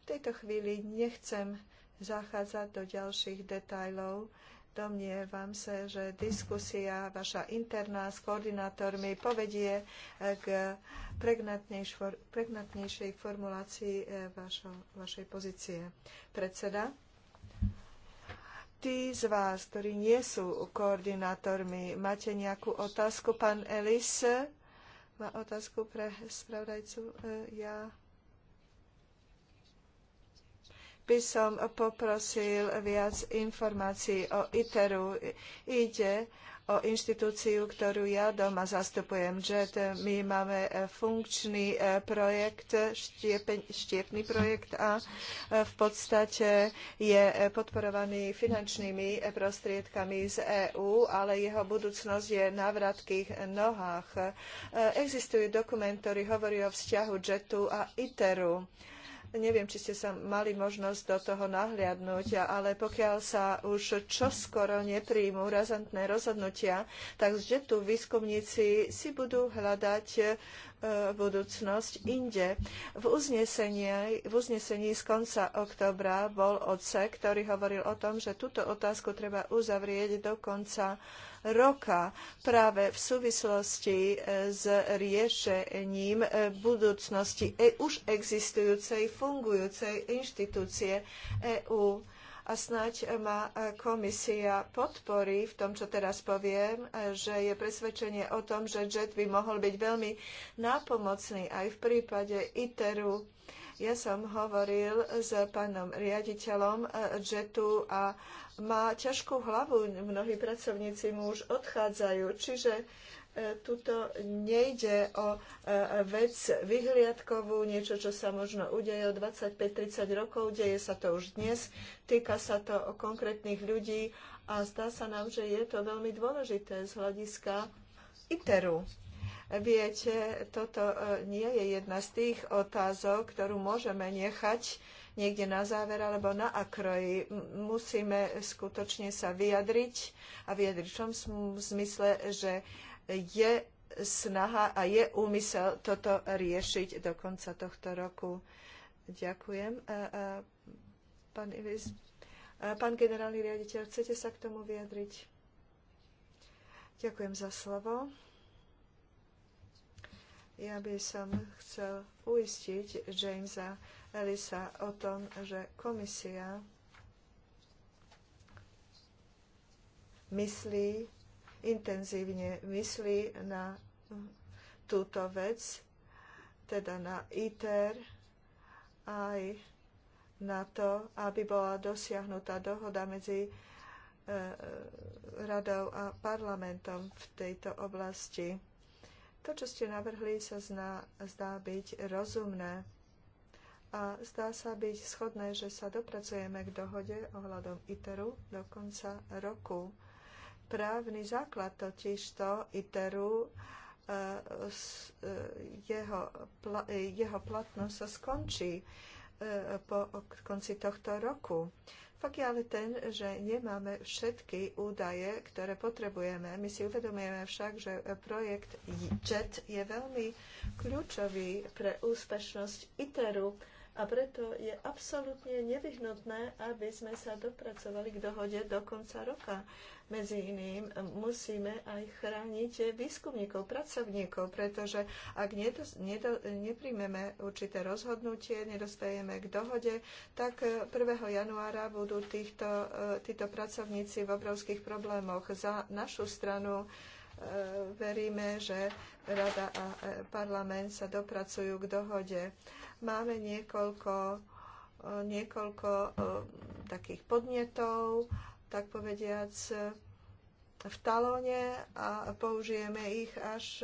V tejto chvíli nechcem zachádzať do ďalších detajlov, Domnievam sa, že diskusia vaša interná s koordinátormi povedie eh, k pregnatnejšej formulácii eh, vašo, vašej pozície. Predseda? Tí z vás, ktorí nie sú koordinátormi, máte nejakú otázku? Pán Elis má otázku pre spravodajcu. Eh, ja by som poprosil viac informácií o ITERu. Ide o inštitúciu, ktorú ja doma zastupujem, JET. My máme e, funkčný e, projekt, štiepeň, štiepný projekt a e, v podstate je podporovaný finančnými prostriedkami z EÚ, ale jeho budúcnosť je na vratkých nohách. Existuje dokument, ktorý hovorí o vzťahu JETu a ITERu Neviem, či ste sa mali možnosť do toho nahliadnúť, ale pokiaľ sa už čoskoro nepríjmú razantné rozhodnutia, tak že tu výskumníci si budú hľadať e, budúcnosť inde. V uznesení, v uznesení z konca oktobra bol odsek, ktorý hovoril o tom, že túto otázku treba uzavrieť do konca roka práve v súvislosti e, s riešením e, budúcnosti e, už existujúcej, fungujúcej inštitúcie EÚ a snáď ma komisia podporí v tom, čo teraz poviem, že je presvedčenie o tom, že JET by mohol byť veľmi nápomocný aj v prípade ITERu. Ja som hovoril s pánom riaditeľom JETu a má ťažkú hlavu, mnohí pracovníci mu už odchádzajú, čiže e, tuto nejde o e, vec vyhliadkovú, niečo, čo sa možno udeje o 25-30 rokov, deje sa to už dnes, týka sa to o konkrétnych ľudí a zdá sa nám, že je to veľmi dôležité z hľadiska ITERu. Viete, toto e, nie je jedna z tých otázok, ktorú môžeme nechať niekde na záver alebo na akroji. Musíme skutočne sa vyjadriť a vyjadriť v tom zmysle, že je snaha a je úmysel toto riešiť do konca tohto roku. Ďakujem. E, e, pán Ivis, e, pán generálny riaditeľ, chcete sa k tomu vyjadriť? Ďakujem za slovo. Ja by som chcel uistiť Jamesa, sa o tom, že komisia myslí, intenzívne myslí na túto vec, teda na ITER, aj na to, aby bola dosiahnutá dohoda medzi e, radou a parlamentom v tejto oblasti. To, čo ste navrhli, sa zná, zdá byť rozumné a zdá sa byť schodné, že sa dopracujeme k dohode ohľadom ITERu do konca roku. Právny základ totižto ITERu e, e, jeho, e, jeho platnosť sa skončí po konci tohto roku. Fakt je ale ten, že nemáme všetky údaje, ktoré potrebujeme. My si uvedomujeme však, že projekt JET je veľmi kľúčový pre úspešnosť ITERu a preto je absolútne nevyhnutné, aby sme sa dopracovali k dohode do konca roka. Medzi iným e, musíme aj chrániť výskumníkov, pracovníkov, pretože ak nedo, nedo, nepríjmeme určité rozhodnutie, nedospejeme k dohode, tak 1. E, januára budú týchto, e, títo pracovníci v obrovských problémoch. Za našu stranu E, veríme, že Rada a e, parlament sa dopracujú k dohode. Máme niekoľko, e, niekoľko takých podnetov, tak povediac, v talóne a použijeme ich až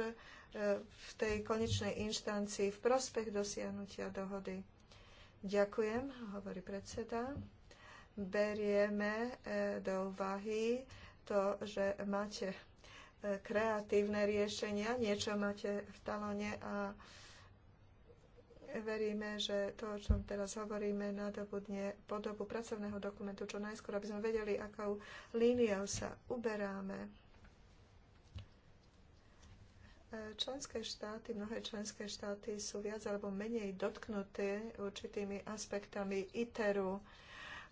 v tej konečnej inštancii v prospech dosiahnutia dohody. Ďakujem, hovorí predseda. Berieme do úvahy to, že máte kreatívne riešenia. Niečo máte v talone a veríme, že to, o čom teraz hovoríme, nadobudne podobu pracovného dokumentu čo najskôr, aby sme vedeli, akou líniou sa uberáme. Členské štáty, mnohé členské štáty sú viac alebo menej dotknuté určitými aspektami ITERu.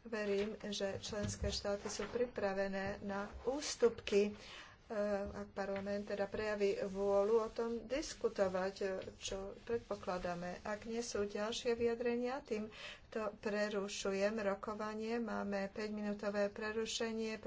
Verím, že členské štáty sú pripravené na ústupky E, ak parlament teda prejaví vôľu o tom diskutovať, e, čo predpokladáme. Ak nie sú ďalšie vyjadrenia, tým to prerušujem rokovanie. Máme 5-minútové prerušenie.